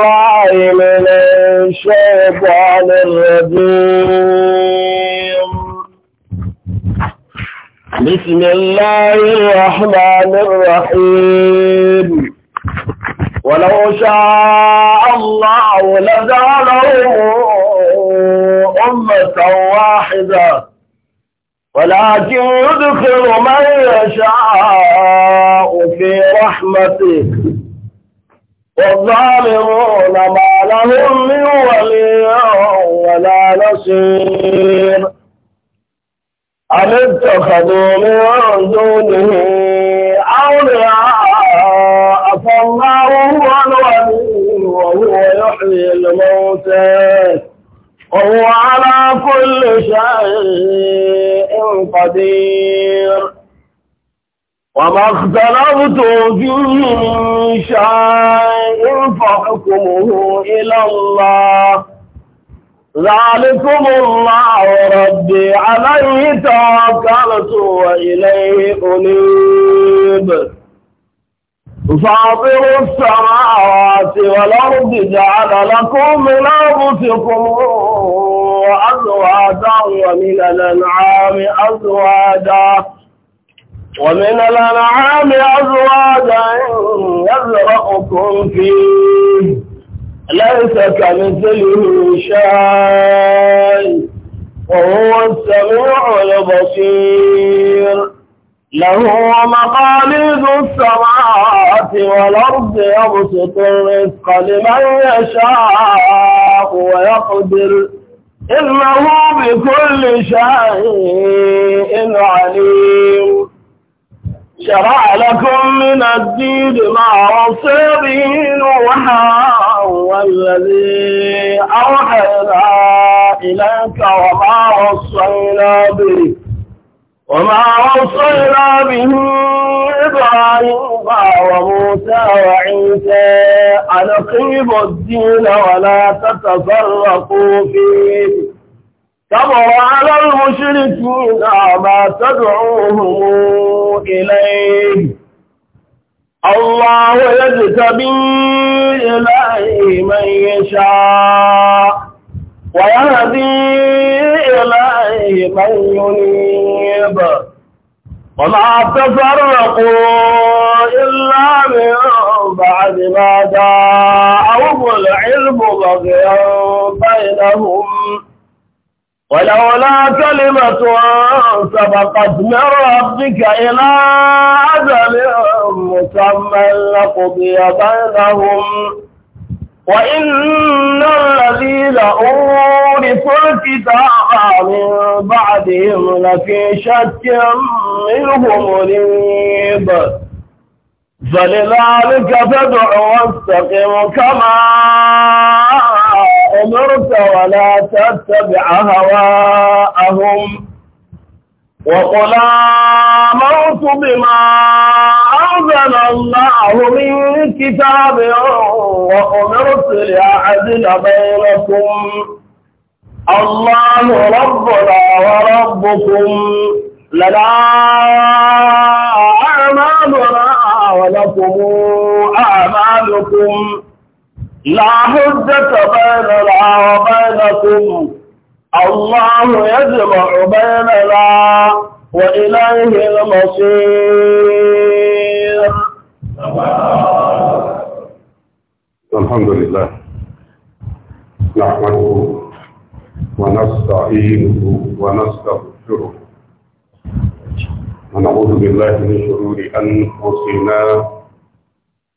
الله من الشيطان الرجيم بسم الله الرحمن الرحيم ولو شاء الله لجعلهم أمة واحدة ولكن يدخل من يشاء في رحمته والظالمون ما لهم من ولي ولا نصير أم اتخذوا من دونه أولياء فالله هو الولي وهو يحيي الموتى وهو على كل شيء قدير وما اختلفتم فيه من شيء فحكمه إلى الله ذلكم الله ربي عليه توكلت وإليه أنيب فاطر السماوات والأرض جعل لكم من أنفسكم أزواجا ومن الأنعام أزواجا ومن الأنعام أزواجا يزرعكم فيه ليس كمثله شيء وهو السميع البصير له مقاليد السماوات والأرض يبسط الرزق لمن يشاء ويقدر إنه بكل شيء عليم شرع لكم من الدين ما وصى به والذي أوحينا إليك وما وصينا به وما وصينا به إبراهيم وموسى وعيسى أن أقيموا الدين ولا تتفرقوا فيه كبر على المشركين ما تدعوهم إليه الله يجتبي إليه من يشاء ويهدي إليه من ينيب وما تفرقوا إلا من بعد ما جاءهم العلم بغيا بينهم ولولا كلمة سبقت من ربك إلى أجل مسمى لقضي بينهم وإن الذين أورثوا الكتاب من بعدهم لفي شك منه مريب فلذلك فادع واستقم كما أمرت ولا تتبع هواءهم وقل آمرت بما أنزل الله من كتاب وأمرت لأعدل بينكم الله ربنا وربكم لنا أعمالنا ولكم أعمالكم لا حجة بيننا وبينكم الله يجمع بيننا وإليه المصير الحمد لله نحمده ونستعينه ونستغفره ونعوذ بالله من شرور أنفسنا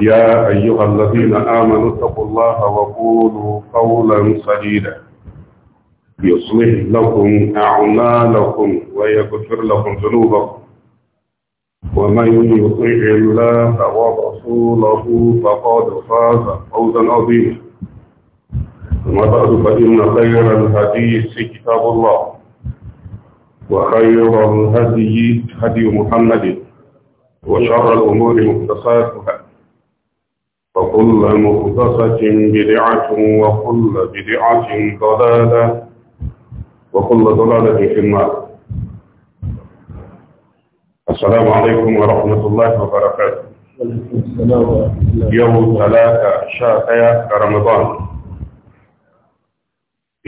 يا أيها الذين آمنوا اتقوا الله وقولوا قولا سديدا يصلح لكم أعمالكم ويغفر لكم ذنوبكم ومن يطع الله ورسوله فقد فاز فوزا عظيما ثم بعد فإن خير الحديث كتاب الله وخير الهدي هدي محمد وشر الأمور مختصاتها وكل مختصة بدعة وكل بدعة ضلالة وكل ضلالة في النار السلام عليكم ورحمة الله وبركاته يوم ثلاثة شاكية رمضان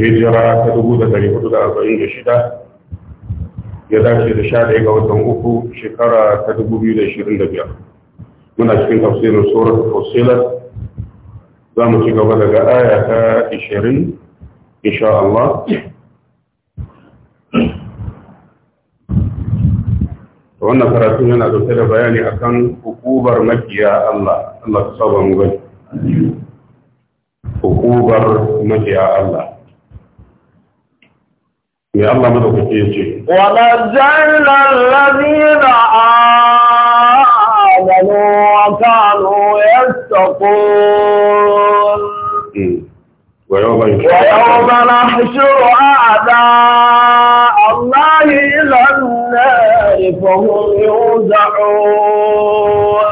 هجرة تدبودة لحدودة أربعين شدة ya dace da sha ɗaya ga watan uku shekara ta dubu biyu da ishirin da biyar من أشكين تفسير سورة فصيلة دامو تيكا بدك آية إشيرين إن شاء الله وأن فراتين أن أدوثير بياني أكان أكوبر مكيا الله الله تصابه مغني أكوبر مكيا الله يا الله ما تقول شيء ونزل الذين آمنوا آمنوا وكانوا يتقون ويوم نحشر أعداء الله إلى النار فهم يوزعون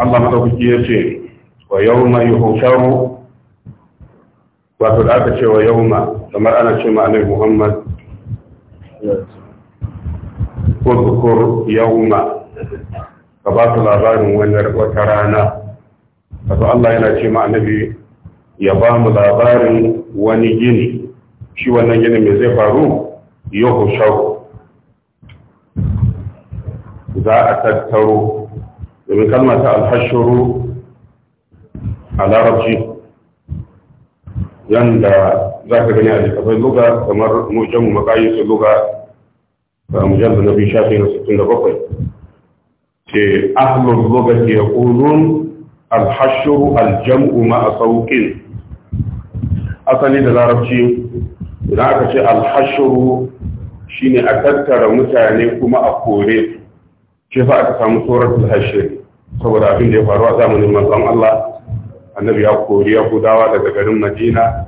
الله مدوكي يشي ويوم يحشر وتلعب شي ويوم كما أنا شي مع محمد واذكر يوم ka ba su labarin wani wata rana kasu Allah yana ce ma annabi ya ba mu labarin wani gini shi wannan gini mai zai faru yau shau za a tattaro domin kalmar alhashuru a larabci yanda za ka gani a jikafai luga kamar mujan makayi su luga a da na biyu shafi na 67 Eh, ahlul lugati Lokaci al-hashr al-jam'u ma'a sauqin asali da larabci idan aka ce al-hashr shine a tattara mutane kuma a kore ce fa aka samu suratul hashr saboda abin da ya faru a zamanin manzon Allah annabi ya kori ya gudawa daga garin Madina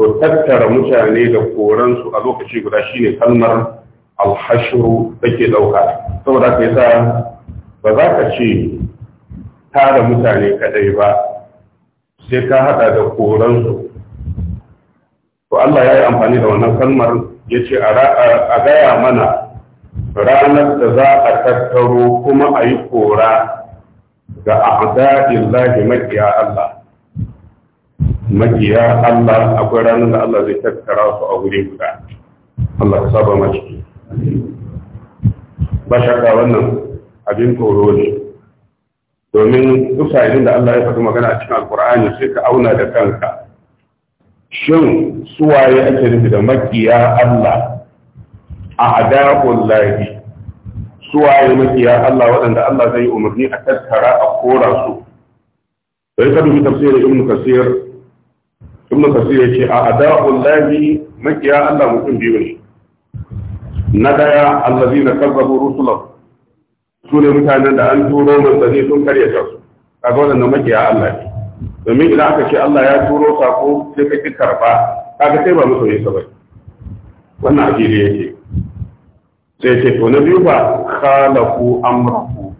to tattara mutane da su a lokaci guda shine kalmar alhashuru take dauka saboda ka yasa ba za ka ce tara mutane kadai ba sai ka hada da koransu to Allah ya yi amfani da wannan kalmar ya ce a gaya mana ranar da za a tattaro kuma a yi kora ga a'adadin lahi makiya Allah makiya Allah akwai ranar da Allah zai tattara su a wuri guda Allah ka saba mace ba shakka wannan abin tsoro ne domin duk sa'ilin da Allah ya faɗi magana a cikin alkur'ani sai ka auna da kanka shin suwaye ake nufi da makiya Allah a ada'ul lahi suwaye makiya Allah waɗanda Allah zai umarni a tattara a kora su sai ka dubi tafsirin ibn kasir ibn kasir ya ce a ada'ul lahi makiya Allah mutum biyu ne na daya allazina kazzabu rusulahu su ne mutanen da an turo manzanni sun ta su a ga na makiya Allah ne domin idan aka ce Allah ya turo sako sai ka ki karba kaga sai ba musu ne sabai wannan ajiri yake sai ce to na biyu ba khalaqu amrahu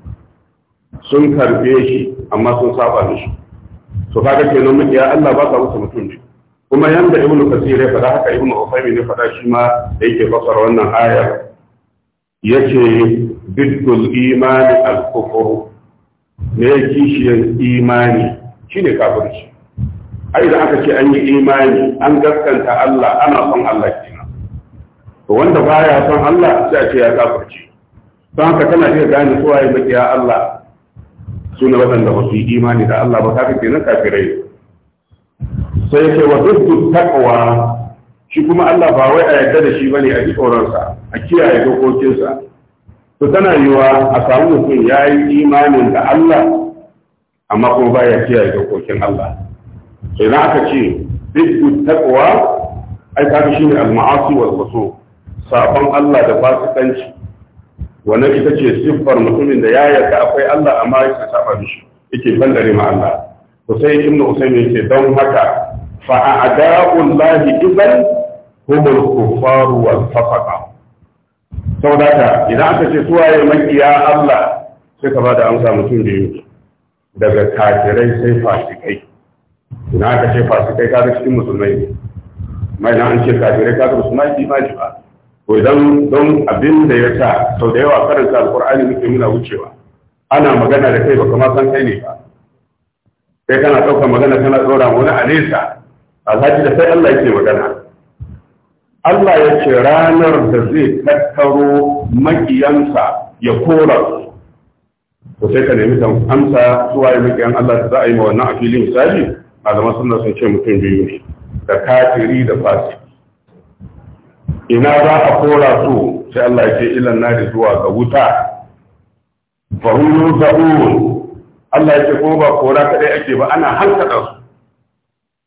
sun karbe shi amma sun saba mishi to kaga kenan makiya Allah ba ka musu mutum ne kuma yanda ibn kasir ya faɗa haka ibn ufaymi ne faɗa shi ma yake fasara wannan ayar yace biddul imani al kufur ne kishiyar imani shine kafirci ai da aka ce an yi imani an gaskanta Allah ana son Allah kenan to wanda baya son Allah sai a ce ya kafirci don haka kana iya gane su waye ya Allah su ne waɗanda ba su yi imani da Allah ba kafin kenan kafirai sai ce wa duk takwa shi kuma Allah ba wai a yarda da shi bane a ji tsoronsa a kiyaye dokokinsa to tana yiwa a samu mutum ya yi imanin da Allah amma kuma baya kiyaye dokokin Allah sai na aka ce biddu taqwa ai shi ne al-ma'asi wal sabon Allah da fasikanci wannan ita ce siffar mutumin da ya yarda akwai Allah amma yake saba mishi yake bandare ma Allah to sai ibn Usaym yake don haka fa adaullahi llahi idan humul wal saboda ka idan aka ce suwaye makiya Allah sai ka bada amsa mutum da yau? daga kafirai sai fasikai idan aka ce fasikai kaga cikin musulmai ne mai na an ce kafirai kaga musulmai ne ma ba ko idan don abin da ya sa sau da yawa karanta alqur'ani muke muna wucewa ana magana da kai baka ma san kai ne ba Sai kana ɗaukar magana kana ɗora wani a nesa alhaji da sai Allah yake magana Allah ya ce ranar da zai tattaro makiyansa ya kora su, Ko sai ka nemi amsa zuwa yi makiyan Allah da za a yi ma wannan a filin misali a zama suna sun ce mutum biyu ne da kafiri da fasi ina za a kora su sai Allah ya ce ilan da zuwa ga wuta da hum Allah ya ce ko ba kora kadai ake ba ana halkada su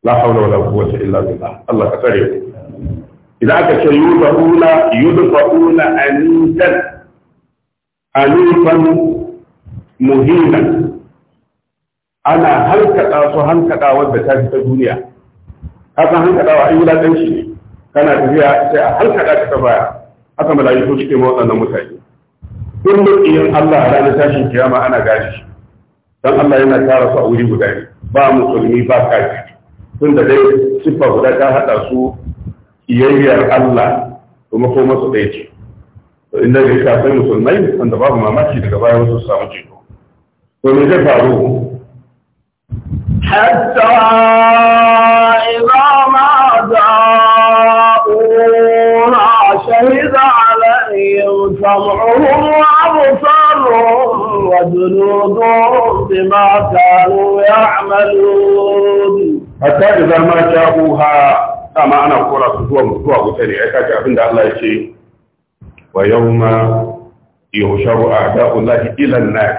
la hawla wala quwwata illa billah Allah ka tsare mu idan aka ce yudfa'una yudfa'una anidan anifan muhina ana hankada su hankada wadda ta fi ta duniya kasan hankadawa an yi ladanci ne kana tafiya sai a hankada da ta baya haka mala'iku suke ma waɗannan mutane duk yin Allah da ta shi kiyama ana gane shi don Allah yana tara su a wuri guda ne ba musulmi ba kafiri tun da dai siffa guda ta hada su iyayyar Allah kuma ko masu ɗaya ce to inda ya sai musulmai wanda babu mamaki daga baya wasu samu ceto to me zai faru حتى إذا ما جاءوها شهد عليهم سمعهم وأبصارهم وجنودهم بما dama ana kora su zuwa mutuwa wuta ne ai abin abinda Allah ya ce wa yawma yuhsharu a'da'u llahi ila an-nar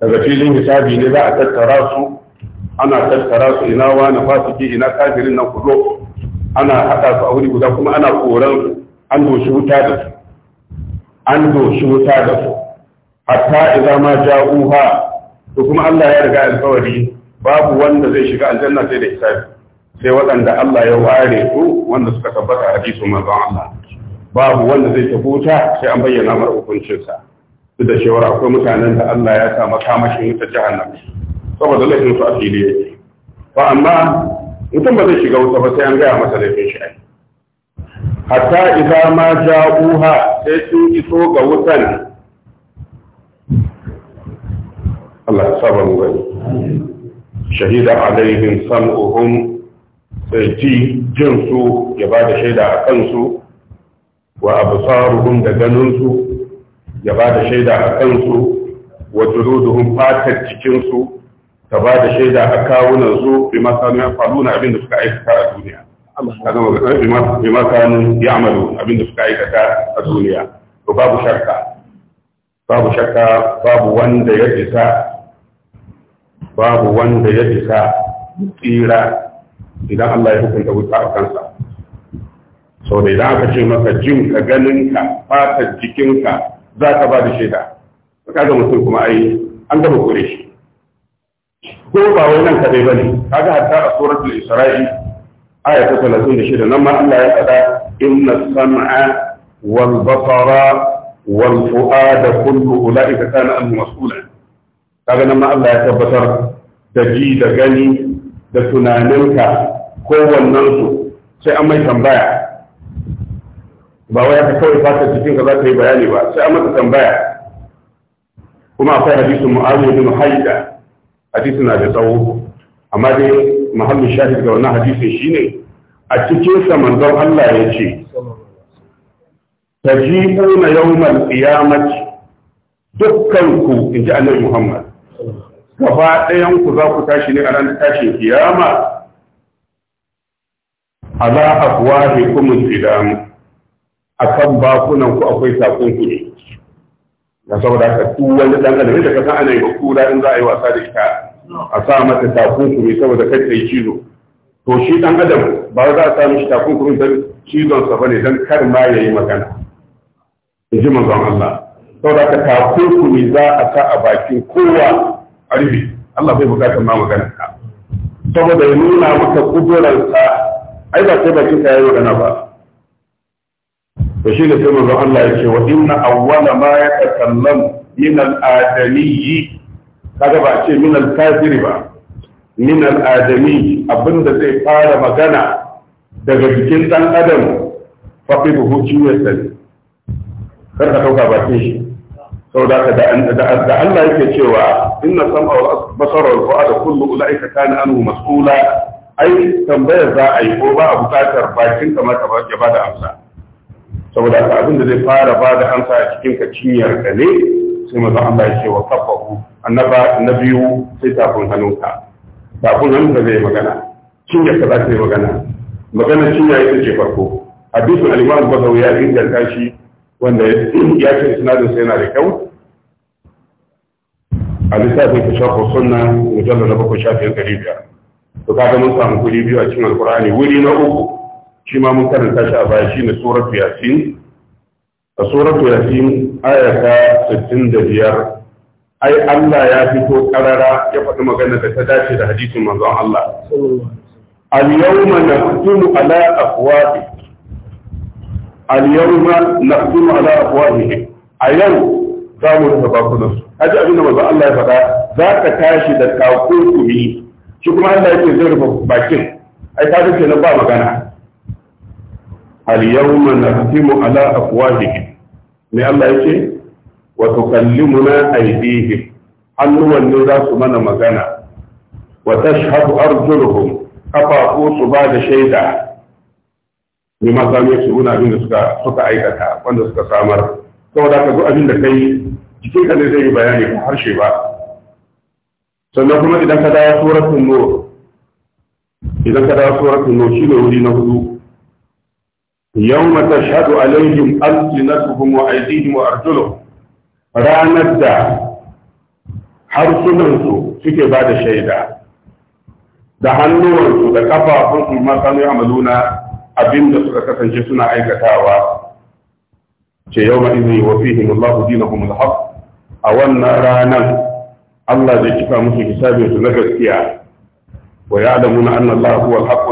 daga filin hisabi ne za a tattara su ana tattara su ina wani fasiki ina kafirin nan zo? ana haɗa su a wuri guda kuma ana koran an doshi wuta da su an doshi wuta da su hatta idan ma ja'uha to kuma Allah ya riga alƙawari babu wanda zai shiga aljanna sai da hisabi sai waɗanda Allah ya ware su wanda suka tabbata a hadisu manzon Allah babu wanda zai tabuta sai an bayyana mar hukuncinsa duk da cewa akwai mutanen da Allah ya sa makamashin ta jahannam saboda laifin su a fili yake ba amma mutum ba zai shiga wuta ba sai an gaya masa laifin shi ai hatta idza ma ja'uha sai sun iso ga wutan Allah ya saba mu gani shahida alaihim sam'uhum ji jin su ya ba da shaida a kansu wa abu absaruhum da ganinsu ya ba da shaida a kansu wa juluduhum fatar cikinsu ta ba da shaida a kawunansu su bi ma kanu yafaluna abin da suka aikata a duniya kaga bi ma ya ya'malu abin da suka aikata a duniya to babu shakka babu shakka babu wanda ya isa babu wanda ya isa tsira idan Allah ya hukunta wuta a kansa sau da idan aka ce maka jin ka ganin ka fatar jikinka za ka ba da shaida ka ga mutum kuma ai an gaba kore shi ko ba wai nan kadai bane kaga hatta a suratul isra'i aya ta shaida. nan ma Allah ya faɗa inna sam'a wal basara wal fu'ada kullu ulaika kana an mas'ula kaga nan ma Allah ya tabbatar da ji da gani da tunaninka su sai an mai tambaya ba wai aka kawai fata cikin ka za ta yi bayani ba sai an masa tambaya kuma akwai mu'amu mu'awiya bin haida Hadisu na da tsawo amma dai muhammad shahid ga wannan hadisin shine a cikin sa manzon Allah ya ce tajibuna yawmal qiyamati dukkan ku inji annabi muhammad gaba ɗayan ku za ku tashi ne a ranar tashin kiyama ala afwahikum al a kan bakunan ku akwai sakon ku ne da saboda ka duk wani ɗan adam da kasan ana yi kura in za a yi wasa da ita a sa mata takunkumi saboda kai tsaye cizo to shi ɗan adam ba za a sa mishi ku don cizon sa bane dan kar ma yayi magana in ji manzon Allah saboda ku takunkumi za a sa a bakin kowa ƙarfi Allah bai bukatar ma magana ka saboda ya nuna maka kudurarsa ai ba sai bakin ka yi magana ba to shi ne sai manzon Allah ya ce wa inna awwala ma yatakallamu min al adami kaga ba ce min al-kafiri ba min al adami abinda zai fara magana daga jikin dan adam fa fi buhu ciwon sai kar ka dauka bakin shi saboda ka da Allah yake cewa inna sam'a wal basara wal fu'ada kullu ulaika kana anhu mas'ula ai tambaya za a yi ko ba a bukatar bakin kamar ka ya da amsa saboda ka abin da zai fara ba da amsa a cikin ka cinyar ka ne sai maza Allah yake wa kafahu annaba na biyu sai tafin hannunka tafin hannunka zai magana cinyar ka za ta yi magana magana cinya ita ce farko hadisin al-Imam Bazawi ya inganta shi wanda ya ce sinadin yana da kyau a littafin ka shafa sunna mujallar na bakwai shafiyar ɗari biyar to kaga mun samu kuri biyu a cikin alkur'ani wuri na uku shi ma mun karanta shi a baya shi ne suratu yasin a suratu yasin ayata sittin da biyar ai Allah ya fito karara ya faɗi magana da ta dace da hadisin manzon Allah. Al-yawma naktumu ala afwahi al-yawma naqdimu ala afwahihim a yau za mu rufe bakunan su kaji abin da manzo Allah ya faɗa za ka tashi da takunkumi shi kuma Allah yake zai rufe bakin ai ka ga kenan ba magana al yawma nahtimu ala afwahihim Me Allah yake wa tukallimuna aydihim hannuwan ne za su mana magana wa tashhadu arjuluhum kafafu su ba da shaida ne ma samu yake wuna abin da suka suka aikata wanda suka samar saboda ka zo abin da kai jikin ka ne zai yi bayani ko harshe ba sannan kuma idan ka dawo suratul nur idan ka dawo suratul nur shine wuri na hudu yawma tashhadu alaihim alsinatuhum wa aydihim wa arjuluhum ranar da harsunansu suke ba da shaida da hannuwansu da kafafunsu ma sanu ya amaluna abin da suka kasance suna aikatawa ce yau ma'izi wa fihim Allah dinahum al-haq a wannan ranar Allah zai kifa musu hisabin su na gaskiya wa na annan Allah huwa al-haq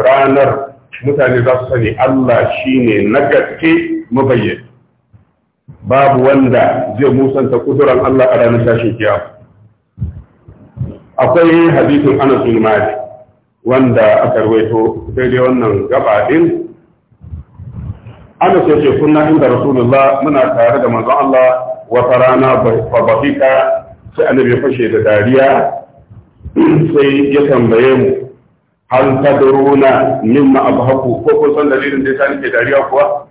ranar mutane za su sani Allah shine na gaske mabayyana babu wanda zai musanta kuduran Allah a ranar tashin kiyama akwai hadisin Anas Malik wanda aka ruwaito daidai wannan gaba din ana so ce kunna inda rasulullah muna tare da manzon Allah wata rana fa bafika sai annabi fashe da dariya sai ya tambaye mu hal tadruna mimma abhaku ko kun san dalilin da yasa nake dariya kuwa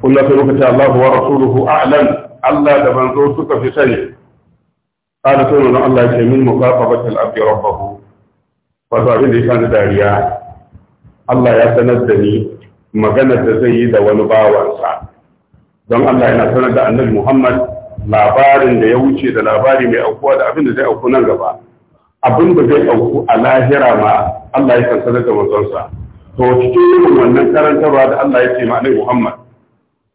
kullu sai muka Allah wa rasuluhu a'lam Allah da manzo suka fi sani qala sai manzon Allah ya ce min muqafabati al-abdi rabbahu wato abin da ya sani dariya Allah ya sanar da ni maganar da zai yi da wani bawansa don Allah yana sanar da annabi Muhammad labarin da ya wuce da labari mai aukuwa da abin da zai auku nan gaba abin da zai auku a lahira ma Allah ya sanar da manzonsa to cikin wannan karantarwa da Allah ya ce ma annabi Muhammad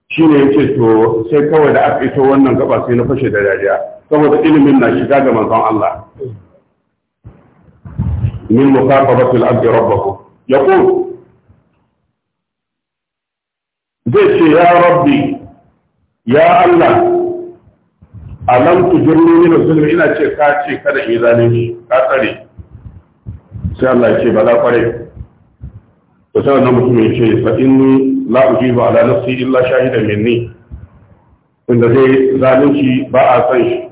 shi ne yake to sai kawai da aka ito wannan gaba sai na fashe da dariya saboda ilimin na shiga ga manzon Allah من musafabat al ربه يقول yaqul zai ce ya rabbi ya تجرني من tujurni إلى zulmi ina ce ka ce kada in zalunci ka tsare sai Allah ya ce ba za kware على نفسي إلا mutum مني wanda minni inda zai zalunci ba a san shi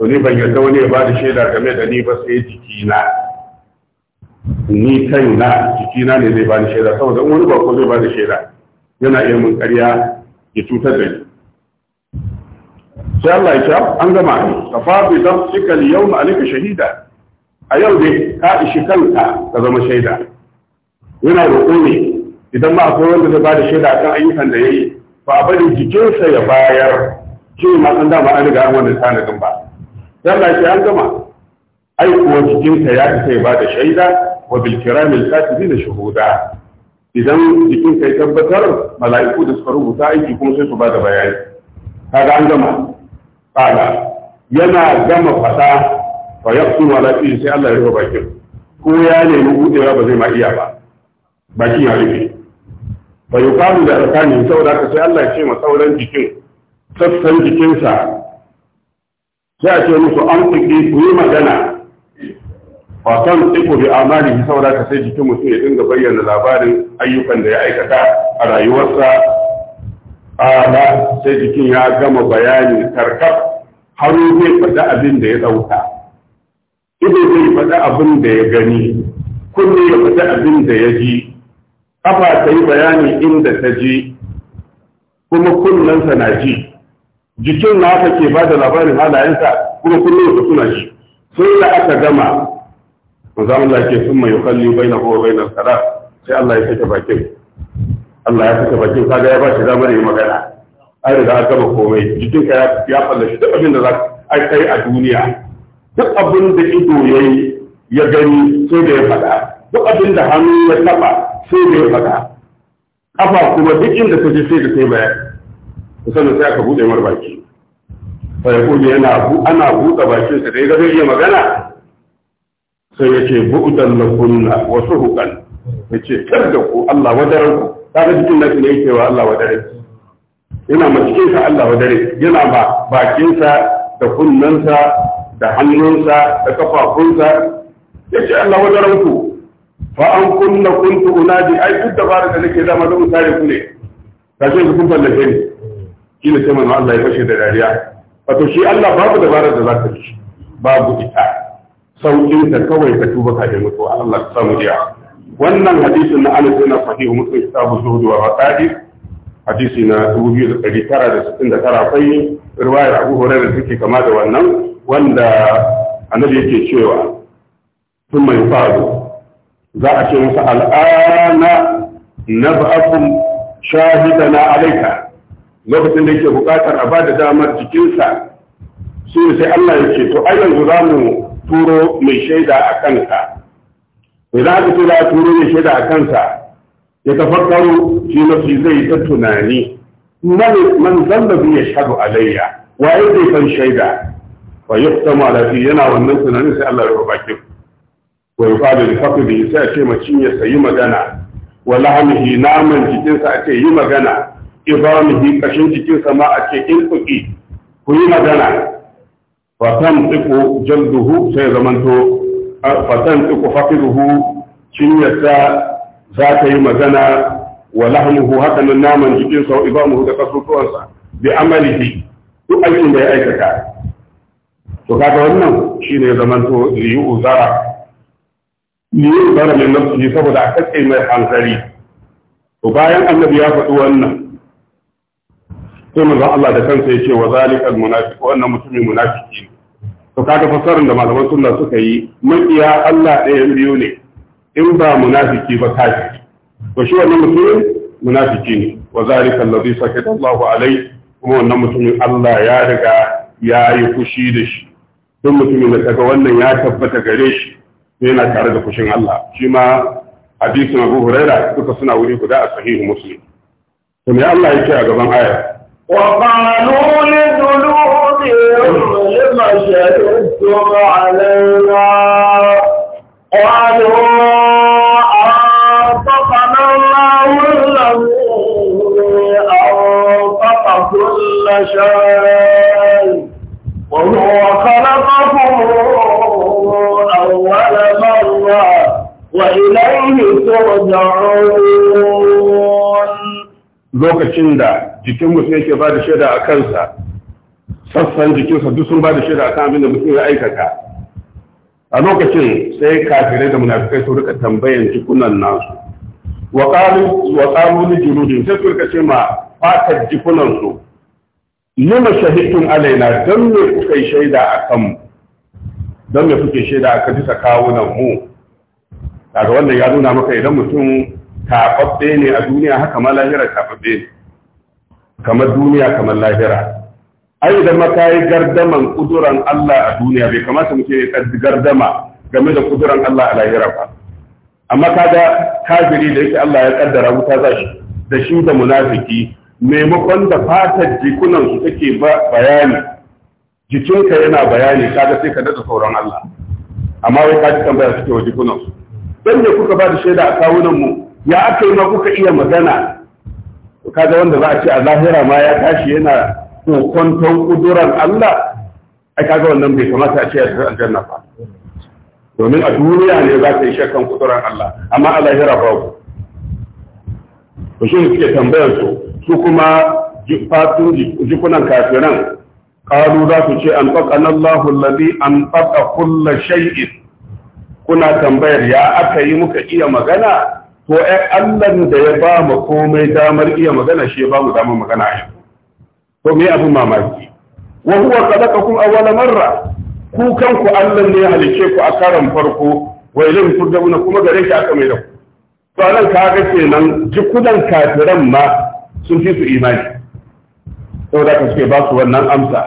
to ni ban yarda wani ya ba da shaida game da ni ba sai jikina ni kaina jikina ne zai bani shaida saboda wani bako zai bani shaida yana iya mun ƙarya ya cutar da ni sai Allah ya ce an gama ne ka fafi bi nafsika al yawma alika shahida a yau dai ka ishi kanka ka zama shaida yana roƙo ne idan ma akwai wanda zai bada shaida akan ayyukan da yayi ba a bari jikinsa ya bayar shi ma san dama an riga an wannan tanadin ba sai Allah ya ce an gama ai kuwa jikinka ya isa ya bada shaida wa bil kiramil katibina shuhuda idan jikin kai tabbatar mala'iku da suka rubuta aiki kuma sai su ba da bayani kaga an gama qala yana gama fada fa yaqsu ala fi sai Allah ya rufe bakin ko ya nemi budewa ba zai ma iya ba bakin ya rufe fa yuqalu da arkani saboda haka sai Allah ya ce ma sauran jikin sassan jikinsa sai a ce musu an tuki ku yi magana fatan tsiku bi amali saboda ka sai jikin mutum ya dinga bayyana labarin ayyukan da ya aikata a rayuwarsa ala sai jikin ya gama bayani karkar har zai faɗi abin da ya ɗauka ido zai faɗi abin da ya gani kunne ya faɗi abin da ya ji kafa ta yi bayani inda ta ji, kuma kunnensa na ji jikin na take ke ba da labarin halayensa kuma kullum ya suna ji sai da aka gama manzo Allah ke sun mai yukalli bainahu bai na salat sai Allah ya fita bakin Allah ya fita bakin kaga ya ba shi damar yi magana an riga an gama komai jikinka ya fallashi duk abin da za a kai a duniya duk abin da ido ya yi ya gani sai da ya faɗa duk abin da hannu ya taɓa sai da ya faɗa kafa kuma duk inda ta ji sai da sai bayan. musamman sai aka buɗe mar baki fa ya yana ana buɗe bakinsa da ya ga zai iya magana sai ya ce bu'udan kunna wasu suhuqan ya ce kar da ku Allah wadaran ku kaga cikin nasu ne yake wa Allah wadare yana ma cikin sa Allah wadare yana ma bakin da kunnansa da hannunsa da kafafunsa ya ce Allah wadaran ku fa an kunna kuntu unadi ai duk dabara da nake zama zan sare ku ne kashe ku kun fallace ni shi ne sai manzo Allah ya fashe da dariya wato shi Allah babu dabara da za ta yi babu ita saukin ta kawai ka tuba ka da mutuwa Allah ta mu jiya wannan hadisin na Anas yana sahihu muslim kitabu zuhud wa maqadir hadisi na 2969 sai riwayar Abu Hurairah take kama da wannan wanda annabi yake cewa sun mai faru za a ce masa al'ana na ba'akun shahida na alaika lokacin da yake bukatar a ba da damar jikinsa su sai Allah ya ce to ai yanzu za mu turo mai shaida a kansa idan aka ce za turo mai shaida a kansa ya tafakkaru shi mafi zai ta tunani man zan da zai shaɗu alayya waye zai san shaida wa yi ta malafi yana wannan tunanin sai Allah ya rufa bakin? wa yi da sai a ce ya sayi magana wa lahamihi naman jikinsa a ce yi magana hi, kashin jikinsa ma a ce in kuki ku yi magana fatan tsiku jalduhu sai zamanto fatan tsiku fakiruhu cinyarsa za ta yi magana wa lahmuhu haka nan naman jikinsa wa ibamuhu da kasutuwansa bi amalihi duk aikin da ya aikata to kaga wannan shine zamanto liyu uzara liyu uzara min nafsihi saboda a katse mai hankali to bayan annabi ya faɗi wannan sai manzon Allah da kansa ya ce wa zalikal munafiq wannan mutumin munafiki ne to kaga fasarin da malaman sunna suka yi makiya Allah ɗayan biyu ne in ba munafiki ba kafiri to shi wannan mutumin munafiki ne wa zalika allazi sakata Allahu alai kuma wannan mutumin Allah ya riga ya yi fushi da shi duk mutumin da kaga wannan ya tabbata gare shi yana tare da fushin Allah shi ma hadisin Abu Huraira duka suna wuri guda a sahihu Muslim to me Allah yake a gaban aya وقالوا لجلودهم لم شهدتم علينا قالوا أنطقنا الله الذي أنطق كل شيء وهو خلقكم أول مرة وإليه ترجعون lokacin da jikin mutum yake ba da shaida a kansa sassan jikinsa duk sun ba da shaida a kan abin da mutum ya aikata a lokacin sai kafirai da munafikai su rika tambayan jikunan nasu wa qalu wa qalu li juludin sai su rika ce ma fatar jikunan su lima shahidun alaina dan me kuka yi shaida a kan mu dan me kuke shaida a kan bisa kawunan mu daga wannan ya nuna maka idan mutum tafaffe ne a duniya haka ma lahira tababbe ne kamar duniya kamar lahira ai da maka gardaman kuduran Allah a duniya bai kamata muke yi gardama game da kuduran Allah a lahira ba amma kaga kafiri da yake Allah ya kaddara wuta za shi da shi da munafiki maimakon da fatar jikunan su take bayani jikinka yana bayani kaga sai ka dada sauran Allah amma wai ka ji tambaya suke wa jikunan su kuka ba da shaida a kawunan mu ya aka yi ma kuka iya magana to kaga wanda za a ce a lahira ma ya tashi yana kokonton kuduran Allah ai kaga wannan bai kamata a ce a aljanna ba domin a duniya ne za ka yi shakkan kuduran Allah amma a lahira babu to shi suke tambayar su su kuma fatun jikunan kafiran kalu za su ce an faƙa Allahu an faƙa kulla shay'in kuna tambayar ya aka yi muka iya magana to ai Allah da ya ba mu komai damar iya magana shi ya ba mu damar magana a yau to me abin mamaki wa huwa khalaqakum awwala marra ku kanku Allah ne ya halice ku a karan farko wa ilayhi turja'una kuma gare shi aka mai da ku to anan kaga kenan jikudan kafiran ma sun fi su imani saboda ka suke ba su wannan amsa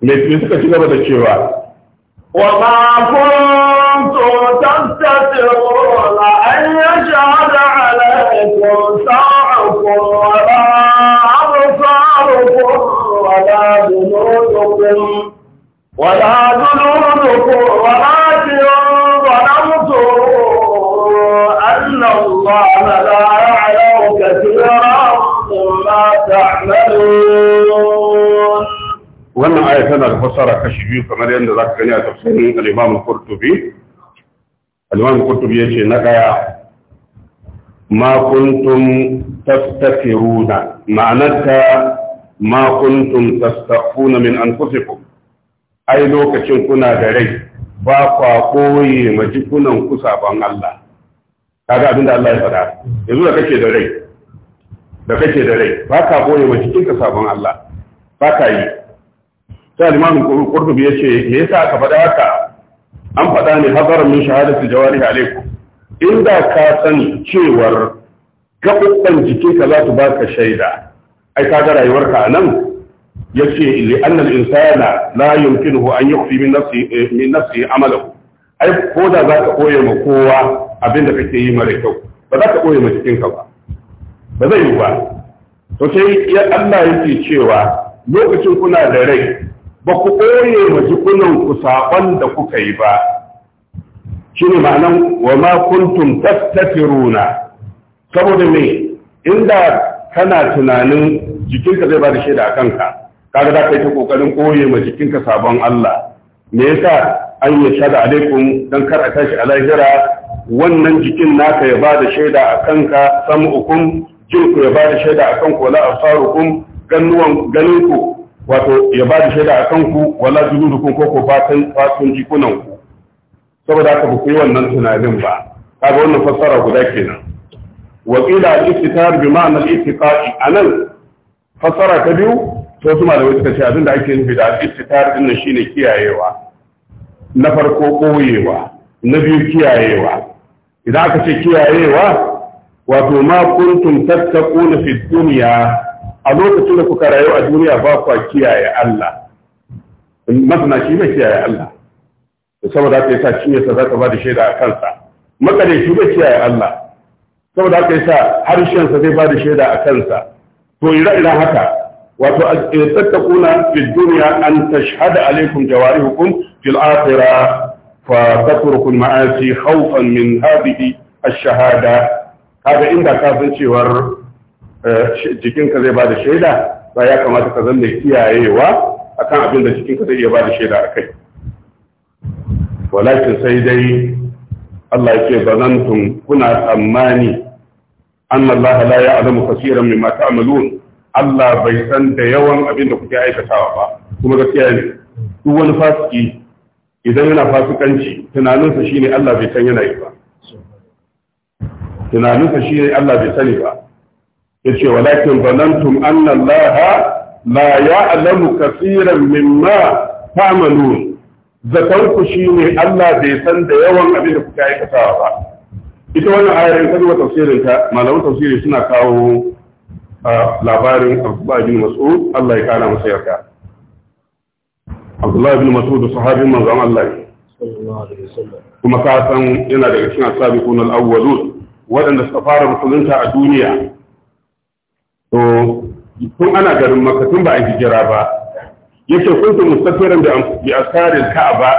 me suka ci gaba da cewa wa ma كنتم تستطيعون أن يجعل عليكم سمعكم ولا أبصاركم ولا جنودكم ولا جنودكم ولكن ظننتم أن الله لا يعلم كثيرا مما تعملون wannan aya tana da fassara kashi biyu kamar yadda za ka gani a tafsirin al-Imam al-Qurtubi alman kutub ya ce na ɗaya ma kuntum tastafiruna ma'anarta ma kuntum tastafuna min anfusikum ai lokacin kuna da rai ba kwa koyi jikunan ku sabon Allah kaga abin da Allah ya faɗa yanzu da kake da rai da kake da rai ba ka koyi jikin ka sabon Allah ba ka yi sai al-imam qurtubi ce me yasa aka faɗa haka an faɗa ne hadarar min shahadatu jawarihi alaikum inda ka san cewar gaɓuɓɓan jikinka za su ba ka shaida ai ka ga rayuwarka a nan yace li anna insana la yumkinuhu an yukhfi min nafsi min nafsi ai ko da za ka koye ma kowa abin da kake yi mara kyau ba za ka koye ma cikin ka ba ba zai yi ba to sai ya Allah yake cewa lokacin kuna da rai ba ku ɓoye ma jikunan ku saƙon da kuka yi ba shi ne ma'anan wa ma kuntum tattafiruna saboda me inda kana tunanin jikinka zai ba da shaida a kanka kaga za ka yi ta ƙoƙarin ɓoye ma jikinka sabon Allah me yasa an yi shada alaikum dan kar a tashi a lahira wannan jikin naka ya ba da shaida a kanka sam'ukum jinku ya ba da shaida a kanku wala absarukum ganuwan ganinku wato ya ba da shaida a kanku wala junudukum ko ko fatan fatun jikunan ku saboda haka ba ku yi wannan tunanin ba kaga wannan fassara guda kenan wa qila al-istitar bi ma'na al-istiqa'i anan fassara ta biyu to su malamai suka ce abinda ake nufi da al-istitar din nan shine kiyayewa na farko koyewa na biyu kiyayewa idan aka ce kiyayewa wato ma kuntum tattaquna fi dunya a lokacin da kuka rayu a duniya ba kwa kiyaye Allah masana shi ne kiyaye Allah saboda haka yasa shi ne zaka ba da shaida a kansa makare shi bai kiyaye Allah saboda haka yasa harshen sa zai ba da shaida a kansa to ira ira haka wato eh, tattakuna fi dunya an tashhada alaikum jawarihukum fil akhirah fa tatruku ma'asi khawfan min hadhihi ash-shahada kaga inda ka san cewar Eh, jikinka zai ba da shaida ba ya kamata ka zanna kiyayewa akan abin da jikinka zai iya ba da shaida a kai walakin sai dai Allah yake zanantum kuna tsammani an Allah la ya'lamu kaseeran mimma ta'malun Allah bai san da yawan abin da kuke aikatawa ba kuma gaskiya ne duk wani fasiki idan yana fasikanci tunaninsa shine Allah bai san yana yi ba tunaninsa shine Allah bai sani ba yace walakin zalantum anna Allah la ya'lamu kaseeran mimma ta'malun zatan ku shine Allah bai san da yawan abin da kuka aikata ba ita wannan ayar in kaji tafsirin ta malaman tafsiri suna kawo labarin Abdullah bin Mas'ud Allah ya kara masa yarda Abdullah bin Mas'ud sahabin manzon Allah kuma ka san yana daga cikin asabiqun al-awwalun waɗanda suka fara musulunta a duniya to tun ana garin maka tun ba a hijira ba yace kuntu mustafiran bi asarin ka'aba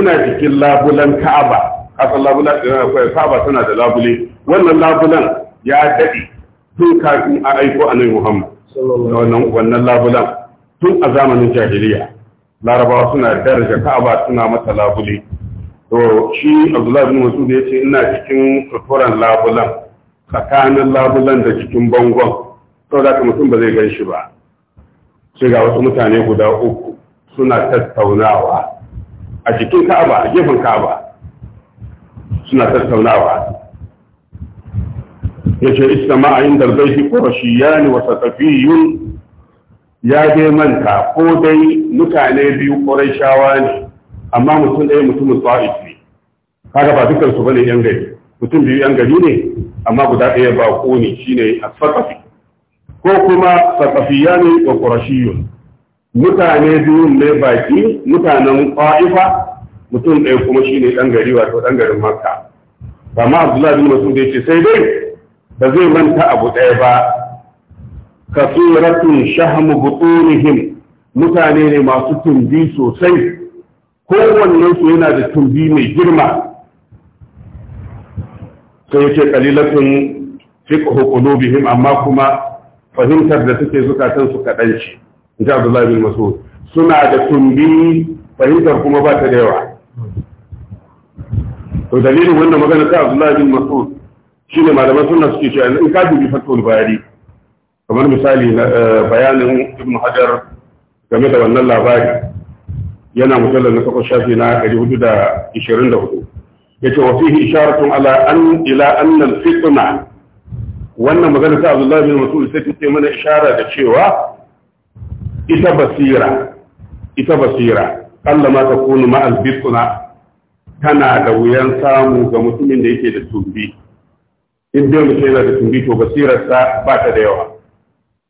ina cikin labulan ka'aba kasan labulan eh, ka'aba tana da labule wannan labulan ya daɗe tun kafin a aiko annabi Muhammad wannan wannan labulan tun a zamanin jahiliya larabawa suna daraja ka'aba suna mata labule to shi Abdullahi bin Mas'ud yace ina cikin suturan labulan tsakanin labulan da cikin bangon sau da mutum ba zai gan shi ba sai ga wasu mutane guda uku suna tattaunawa a jikin ka'aba a gefen ka'aba suna tattaunawa ya ce istama a yin darbai shi ƙorashi ya ne wasa tafiyun ya dai manta ko dai mutane biyu ƙorai shawa ne amma mutum ɗaya mutumin ta'if ne kaga ba dukansu bane yan gari mutum biyu yan gari ne amma guda ɗaya ba ko ne shine tsakafi ko kuma ne wa qurashiyun mutane biyun ne baki mutanen qa'ifa mutum ɗaya kuma shine dan gari wato dan garin makka amma abdullahi bin mas'ud yake sai dai ba zai manta abu ɗaya ba kasiratun shahmu butunihim mutane ne masu tumbi sosai su yana da tumbi mai girma sai yace qalilatun fiqhu qulubihim amma kuma fahimtar da suke zukatan su kaɗan ce in ji abdullahi bin mas'ud suna da tumbi fahimtar kuma ba ta da yawa to dalilin wannan magana ta abdullahi bin mas'ud shine malaman sunna suke cewa in ka dubi fatul bayani. kamar misali eh, bayanin ibn hajar game da wannan labari yana mujallar na takwas shafi na 424 yace wa fihi isharatun ala an ila anna al-fitna wannan magana ta abdullahi bin mas'ud sai take mana ishara da cewa ita basira ita basira Allah ma ta kunu ma albisuna tana da wuyan samu ga mutumin da yake da tumbi in dai mutum yana da tumbi to basirarsa ba ta da yawa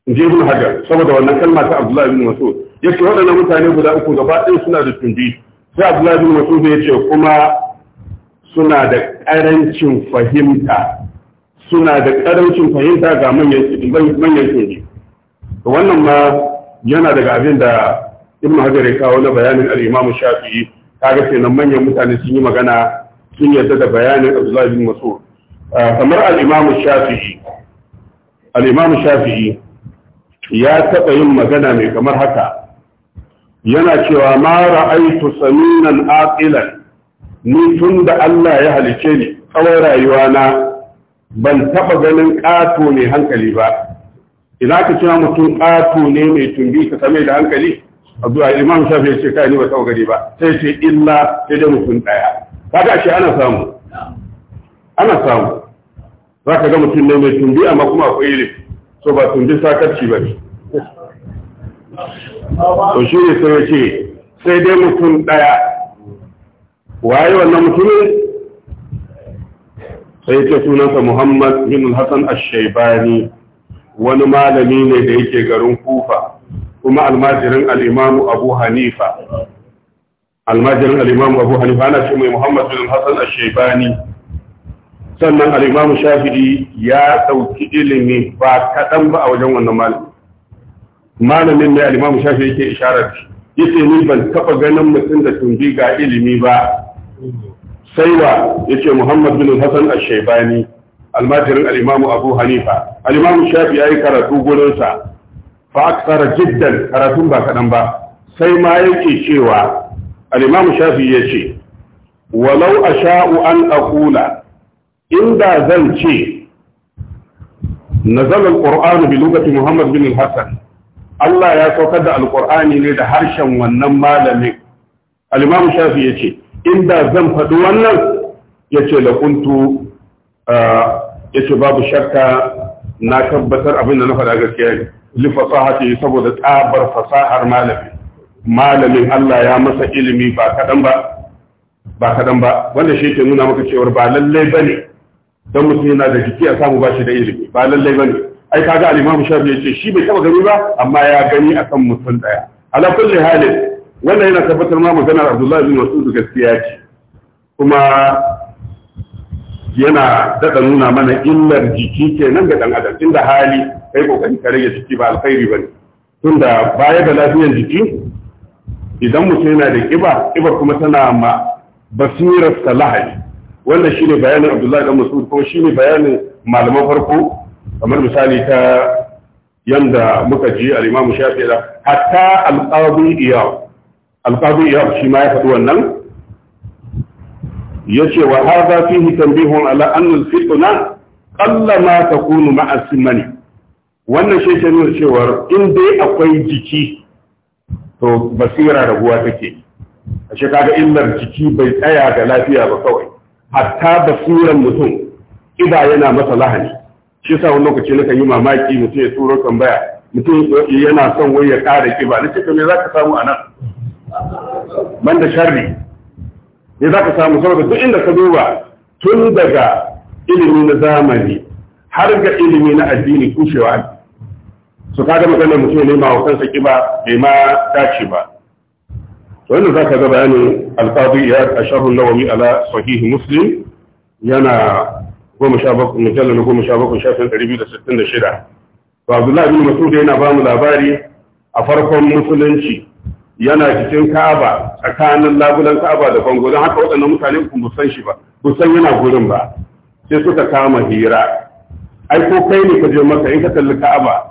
in ji ibn hajar saboda wannan kalma ta abdullahi bin mas'ud yace waɗannan mutane guda uku gaba ɗaya suna da tumbi sai abdullahi bin mas'ud ya ce kuma suna da ƙarancin fahimta suna da ƙarancin fahimta ga manyan keji wannan ma yana daga abin da ibn hajar ya kawo na bayanin al-imam shafi'i kaga kenan manyan mutane sun yi magana sun yarda da bayanin abdullahi bin mas'ud ah, kamar al-imam shafi'i al-imam shafi'i ya taɓa yin magana mai kamar haka yana cewa ma ra'aitu saminan aqilan ni tun da Allah ya halice ni tsawon rayuwa na ban taba ganin ƙato mai hankali ba Ina ka cewa mutum ƙato ne mai tumbi ka same da hankali abuwa imam shafi ya ce ka ne ba tsawo gari ba sai ce illa sai da mutum ɗaya. Ka ga shi ana samu ana samu za ka ga mutum ne mai tumbi amma kuma akwai ilim so ba tumbi sakarci ba ne to shi ne sai ce sai dai mutum ɗaya. waye wannan mutumin sai ce sunansa muhammad bin hassan al al-Shaibani wani malami ne da yake garin kufa kuma almajirin al'imamu abu hanifa almajirin al'imamu abu hanifa ana ce mai muhammad bin hassan al al-Shaibani sannan al-Imam Shafi'i ya ɗauki ilimi ba kaɗan ba a wajen wannan malami malamin ne al-Imam Shafi'i ke isharar shi yace ni ban taɓa ganin mutum da tunji ga ilimi ba sai wa yace Muhammad bin Hassan al-Shaybani almajirin al-Imam Abu Hanifa al-Imam Shafi yayi karatu gurin sa fa aksara jiddan karatun ba kadan ba sai ma yake cewa al-Imam Shafi yace walau asha'u an aqula inda zan ce nazala al-Qur'an bi lugati Muhammad bin Hassan Allah ya saukar da al-Qur'ani ne da harshen wannan malamin al-Imam Shafi yace inda zan faɗi wannan ya ce lakuntu ya ce babu shakka na tabbatar abin da na faɗa gaskiya ne lifasahati saboda tsabar fasahar malami malamin Allah ya masa ilimi ba kaɗan ba ba kaɗan ba wanda shi ke nuna maka cewar ba lallai ba ne don mutum yana da jiki a samu ba shi da ilimi ba lallai ba ne ai kaga al'imamu shafi ya ce shi bai taɓa gani ba amma ya gani akan mutum ɗaya ala kulli halin wannan yana tabbatar ma maganar abdullahi bin Masudu gaskiya ce kuma yana daɗa nuna mana illar jiki kenan ga ɗan adam inda hali kai kokari ka rage jiki ba alkhairi bane tunda baya da lafiyan jiki idan mutum yana da kiba kiba kuma tana ma basirar Wanda wannan ne bayanin abdullahi dan mas'ud kuma ne bayanin malaman farko kamar misali ta yanda muka ji al-imam hatta al iyawa. alqadi ya shi ma ya faɗi wannan yace wa hadha fihi tanbihun ala anna al qalla ma takunu ma'a mani. wannan shi ke nuna cewa in dai akwai jiki to basira rabuwa take shi kaga illar jiki bai tsaya ga lafiya ba kawai hatta basiran mutum ida yana masa lahani shi sa wani lokaci na kan yi mamaki mutum ya turo tambaya mutum yana son wai ya ƙara kiba na cikin me za ka samu a nan banda sharri ne za ka samu saboda duk inda ka duba tun daga ilimi na zamani har ga ilimi na addini kushewa su ka kaga maganar mutum ne ma kansa kiba bai ma dace ba to za ka ga bayanin alqadi ya asharu lawami ala sahih muslim yana goma sha bakwai mujallal goma sha bakwai shafin ɗari biyu da sittin da shida to abdullahi bin mas'ud yana ba mu labari a farkon musulunci yana cikin Ka'aba tsakanin labulan Ka'aba da bango don haka waɗannan mutane kun san shi ba ku san yana gurin ba sai suka kama hira ai ko kai ne ka je maka in ka kalli Ka'aba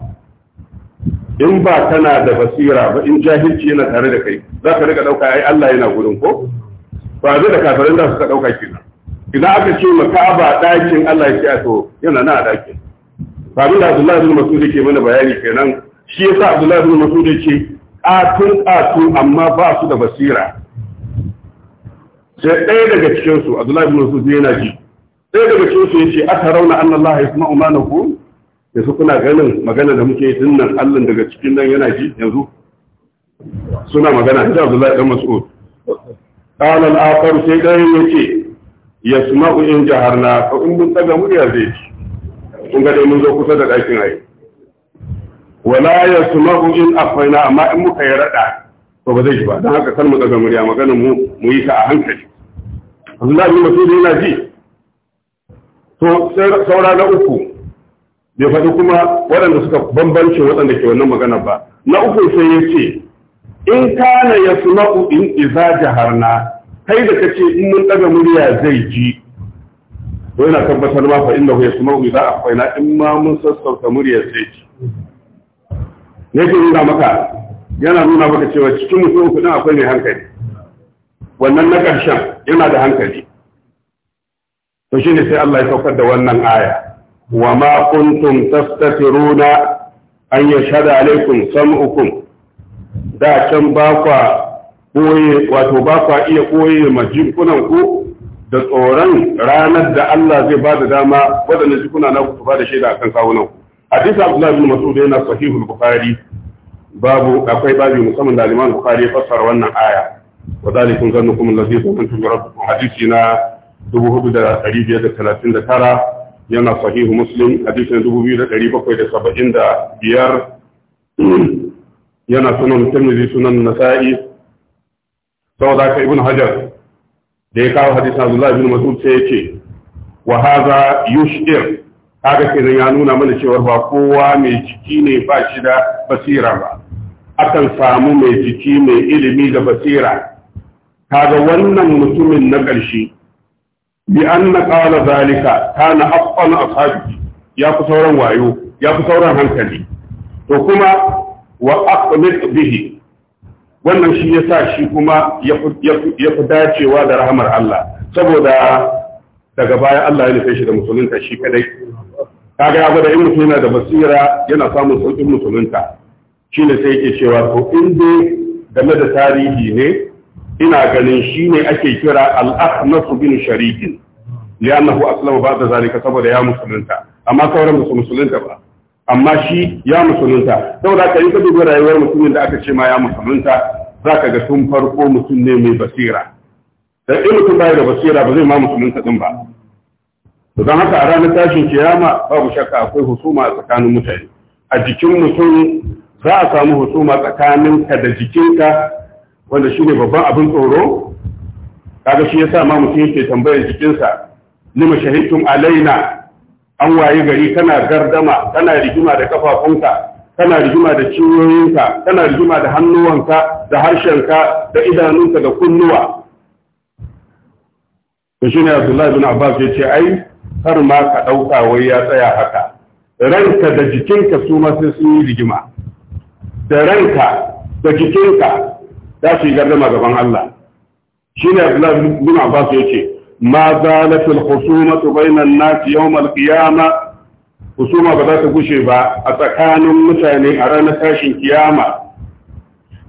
in ba kana da basira ba in jahilci yana tare da kai za ka riga dauka ai Allah yana gurin ko ba zai da kafirin da suka dauka kenan idan aka ce ma Ka'aba dakin Allah ya ce to yana na dakin ba da Abdullahi bin Mas'ud ke mana bayani kenan shi yasa Abdullahi bin Mas'ud ce ƙatun ƙatun amma ba su da basira sai ɗaya daga cikinsu abdullahi ibn masud yana ji ɗaya daga cikinsu ya ce aka rauna an Allah ya kuma umarna ku yanzu kuna ganin magana da muke dinnan nan daga cikin nan yana ji yanzu suna magana ta abdullahi ibn masud qala al-akhar sai ɗaya yace yasma'u in jaharna ka in mun tsaga murya zai ji kun ga dai mun zo kusa da ɗakin ayi wala ya sumahu in afaina amma in muka yi rada to ba zai ji ba don haka kar mu daga murya maganar mu mu yi ta a hankali Abdullahi bin Mas'ud yana ji to saura na uku bai faɗi kuma waɗanda suka bambance waɗanda ke wannan magana ba na uku sai ya ce in kana ya sumahu in iza jaharna kai da kace in mun daga murya zai ji to yana tabbatar ma fa innahu yasma'u idza afaina in ma mun sassauta murya zai ji yake nuna maka yana nuna maka cewa cikin mutum uku din akwai mai hankali wannan na ƙarshen yana da hankali to shi ne sai Allah ya saukar da wannan aya wa ma kuntum tastatiruna an yashhadu alaikum sam'ukum da can ba kwa koye wato ba kwa iya koye ma jinkunan ku da tsoron ranar da Allah zai ba da dama waɗanda jikuna na ku ba da shaida akan kawunan ku hadisi abdullahi bin mas'ud yana sahihul bukhari babu akwai babu musamman da liman bukhari fassara wannan aya wa zalikum zannukum allazi kuntum rabbukum hadisi na 4539 yana sahihu muslim hadisi na 2775 yana sunan tirmidhi sunan nasa'i saboda ka ibn hajar da ya kawo hadisin abdullahi bin mas'ud sai ya ce wa hadha yushir kaga kenan ya nuna mana cewa ba kowa mai jiki ne ba shi da basira ba akan samu mai jiki mai ilimi da basira kaga wannan mutumin na ƙarshe bi an na ƙala zalika kana afqal ashabi ya fi sauran wayo ya fi sauran hankali to kuma wa aqlid bihi wannan shi yasa shi kuma ya fi dacewa da rahamar Allah saboda daga baya Allah ya nufe shi da musulunta shi kadai kaga ya gwada in mutum yana da basira yana samun sauƙin musulunta shi ne sai yake cewa to in dai game da tarihi ne ina ganin shi ne ake kira al-ahnasu bin sharikin li'annahu aslama da zalika saboda ya musulunta amma sauran musu musulunta ba amma shi ya musulunta saboda ka yi ka dubi rayuwar mutumin da aka ce ma ya musulunta za ka ga tun farko mutum ne mai basira da in mutum bai da basira ba zai ma musulunta din ba to don haka a ranar tashin kiyama babu shakka akwai husuma a tsakanin mutane a jikin mutum za a samu husuma tsakanin ka da jikinka wanda shi ne babban abin tsoro kaga shi yasa ma mutum yake tambayar jikinsa ma shahidtum alaina an waye gari kana gardama kana rigima da kafafunka kana rigima da ciwoyinka kana rigima da hannuwanka da harshenka da idanunka da kunnuwa to shine Abdullahi ibn Abbas yace ai kar ma ka ɗauka wai ya tsaya haka ranka da jikinka su masu sun yi rigima da ranka da jikinka za su yi gardama gaban Allah shi ne Abdullahi bin Abbas ya ce ma zalatul khusumatu bainan nas yau al husuma ba za ta gushe ba a tsakanin mutane a ranar tashin kiyama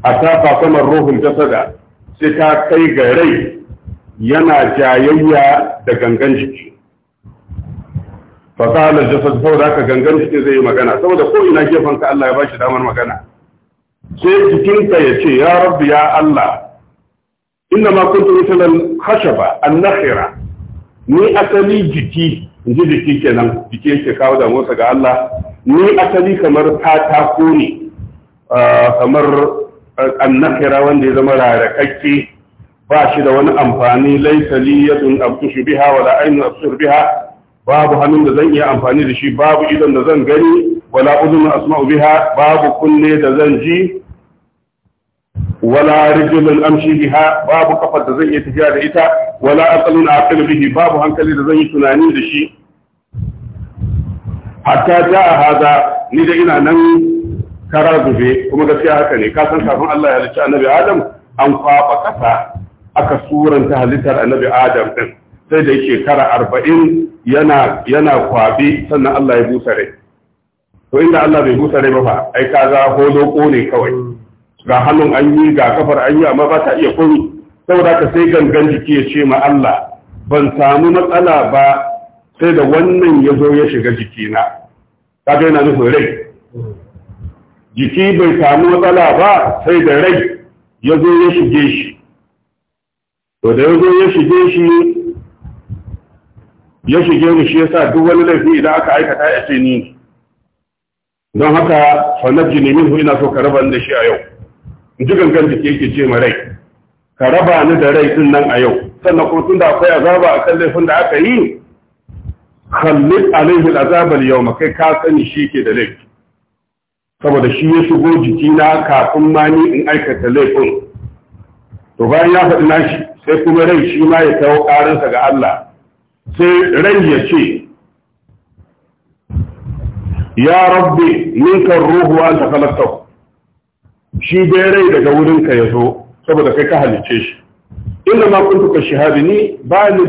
a tafa saman ruhun jasada sai ta kai ga rai yana jayayya da gangan jiki fa qala jasad saboda haka gangan cikin zai yi magana saboda ko ina gefen ka Allah ya bashi damar magana sai jikinka ya ce ya rabbi ya Allah inna ma kuntu misalan khashaba an-nakhira ni asali jiki inji jiki kenan jiki yake kawo da motsa ga Allah ni asali kamar katako ne kamar an-nakhira wanda ya zama rarakakke ba shi da wani amfani laisa li yadun abtushu biha wala aynu absur biha babu hannun da zan iya amfani da shi babu idan da zan gani wala uzun asma'u biha babu kunne da zan ji wala rijlun amshi biha babu kafar da zan iya tafiya da ita wala aqlun aqil bihi babu hankali da zan yi tunani da shi hatta ja'a hada ni da ina nan kara zube kuma gaskiya haka ne ka san kafin Allah ya halicci annabi Adam an kwafa kasa aka suranta halittar annabi Adam din sai da shekara arba'in yana yana kwabe sannan Allah ya busa rai to inda Allah bai busa rai ba fa ai ka ko holoko ne kawai ga hannun an yi ga kafar an yi amma ba ta iya komi saboda ka sai gangan jiki ya ce ma Allah ban samu matsala ba sai da wannan ya zo ya shiga jikina ga yana nufin rai jiki bai samu matsala ba sai da rai ya zo ya shige shi to da ya zo ya shige shi ya shige ni shi yasa duk wani laifi idan aka aikata ya ce ni don haka fanabji ne minhu ina so ka raba da shi a yau in ji gangan jiki yake ce ma rai ka raba ni da rai din nan a yau sannan kuma tunda akwai azaba a kan laifin da aka yi khallid alaihi al'azab al-yawma kai ka sani shi ke da laifi saboda shi ya shigo jikina kafin ma ni in aikata laifin to bayan ya faɗi nashi sai kuma rai shi ma ya kawo ƙarinsa ga Allah sai rai ya ce ya rabbi ninkan ruhu an ta shi dai rai daga wurinka ya zo saboda kai ka halicce shi inda ma kun tuka shahadi ni ba ni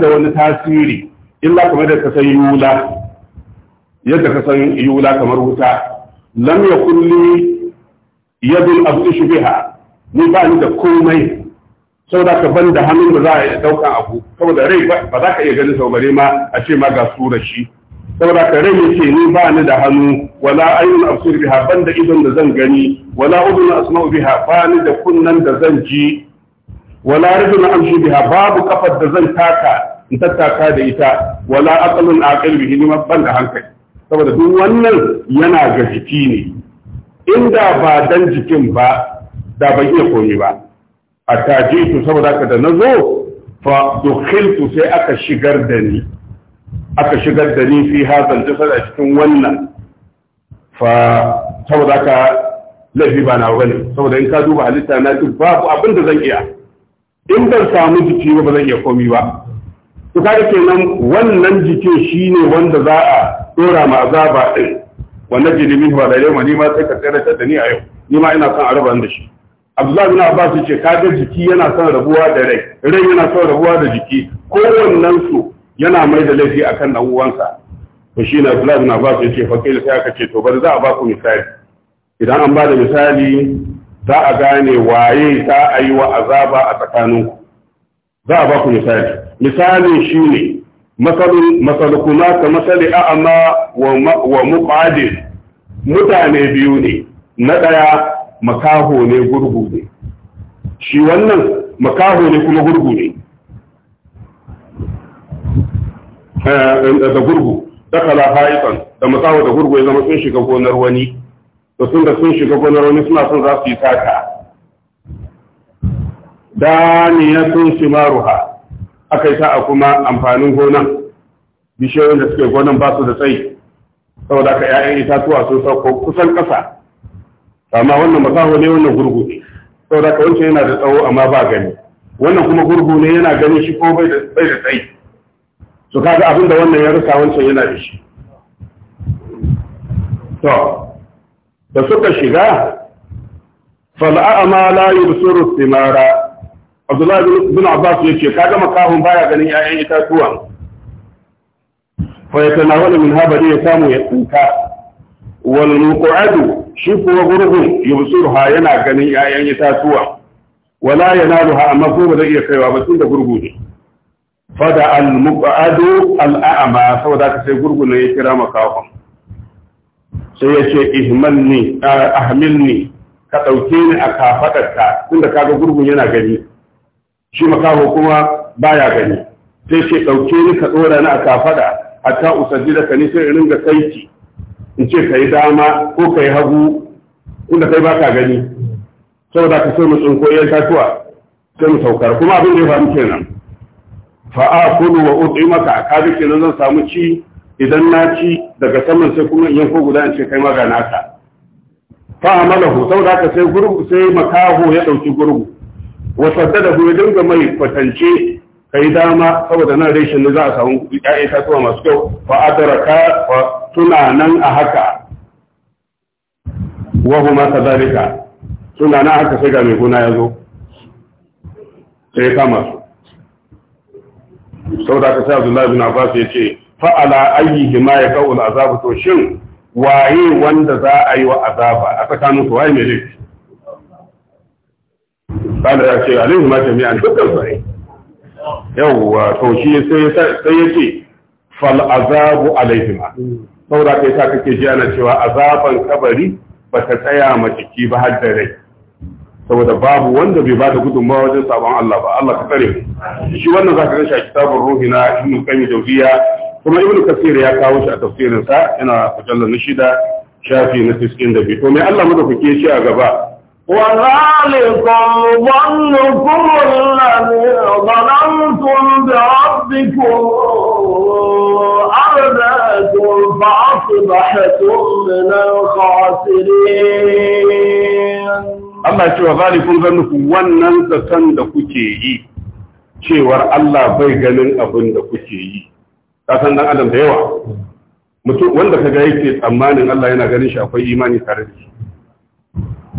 da wani tasiri illa kuma da ka san yula yadda ka san yula kamar wuta lam yakun li yadul abdishu biha ni ba ni da komai saboda ka ban da hannun da za a yi daukan abu saboda rai ba za ka iya ganin sau bare ma a ce ma ga sura shi saboda ka rai yake ni ba ni da hannu wala ayyun absur biha ban da idon da zan gani wala udun asma'u biha ba ni da kunnan da zan ji wala rajul amshi biha babu kafar da zan taka in tattaka da ita wala aqlun aqil bihi ni ban da hankali saboda duk wannan yana ga jiki ne inda ba dan jikin ba da ban iya koyi ba a tajitu saboda haka da na zo fa dukhiltu sai aka shigar da ni aka shigar da ni fi hazan jasad a cikin wannan fa saboda haka laifi ba na wani saboda in ka duba halitta na duk babu abin da zan iya in ban samu jiki ba zan iya komi ba to kaga kenan wannan jikin shine wanda za a dora ma azaba din wannan jilimin ba da yau ni ma sai ka ta da ni a yau ni ma ina son a raba da shi Abdullahi bin Abbas yace kaga jiki yana son rabuwa da rai rai yana son rabuwa da jiki kowannen su yana mai da laifi akan dan uwansa to shi shine Abdullahi bin Abbas yace fa kai sai aka ce to bari za a ba ku misali idan an ba da misali za a gane waye za a yi wa azaba a tsakanin ku za a ba ku misali misali shi shine masalukuna ka masali a'ama wa muqadin mutane biyu ne na daya makaho ne gurgu ne shi wannan makaho ne kuma gurgu ne eh, eh, da gurgu dakala haifan da makaho da gurgu ya zama sun shiga gonar wani da sun da sun shiga gonar wani suna son za su yi taka daniyatun shimaruha aka yi a kuma amfanin gonan bishiyoyin da suke gonan ba su da tsayi saboda ka 'ya'yan itatuwa sun sauko kusan ƙasa amma wannan makaho ne wannan gurgu ne sau da wancan yana da tsawo amma ba gani wannan kuma gurgu ne yana ganin shi ko bai da bai da tsayi su kaga abinda wannan ya rasa wancan yana da shi to da suka shiga Fal'a da la yubsiru mara. Abdullahi bin Abbas yace kaga makahon baya ganin 'ya'yan itatuwan fa wani min habari ya samu ya tsinka walmuqadu muqadu shi kuwa gurgun yubsurha yana ganin 'ya'yan itatuwa wala yanaluha amma ko ba zai iya kaiwa ba tunda gurgu ne fada almuqadu al'a'ma saboda ka sai gurgu ne ya kira makahon sai ya ce ihmalni ahmilni ka dauke ni a kafadarka tunda kaga gurgun yana gani shi makaho kuma baya gani sai ce dauke ni ka dora ni a kafada hatta usajjida ka ni sai in ringa saiti in ce ka yi dama ko ka yi hagu inda kai ba ka gani saboda ka sai mu tsinko yan tatuwa sai mu saukar kuma abin da ya faru kenan a kulu wa utsi maka ka bi kenan zan samu ci idan na ci daga saman sai kuma in ko guda in ce kai ma ga naka fa amalahu saboda ka sai gurgu sai makaho ya dauki gurgu wa saddadahu ya dinga mai kwatance kai dama saboda nan reshin ne za a samu ƴaƴan kasuwa masu kyau fa adraka fa suna nan a haka wahu masa zarika suna nan haka sai ga mai guna ya zo sai kama su sau da aka sai abdullahi bin abbas ya ce fa'ala ayi hima ya kawo azabu to shin waye wanda za a yi wa azaba a tsakanin su waye mai laifi da ya ce hima ta jami'a dukkan sai Yau to shi sai ya ce fal azabu alaihima saboda kai sa kake ji ana cewa azaban kabari ba ta tsaya ma ciki ba har da rai saboda babu wanda bai da gudunmawa wajen sabon Allah ba Allah ka tsare mu shi wannan zaka ga shi kitabun ruhi na Ibn Qayyim Jawziya kuma Ibn Kathir ya kawo shi a tafsirin sa yana mujallal na shida shafi na 92 to me Allah madaukake shi a gaba وذلكم ظنكم الذي ظننتم بربكم فأصبحتم من الخاسرين Allah cewa zalikun zannukum wannan zaton da kuke yi cewar Allah bai ganin abin da kuke yi ka san dan adam da yawa mutum wanda ka kaga yake tsammanin Allah yana ganin shi akwai imani tare da shi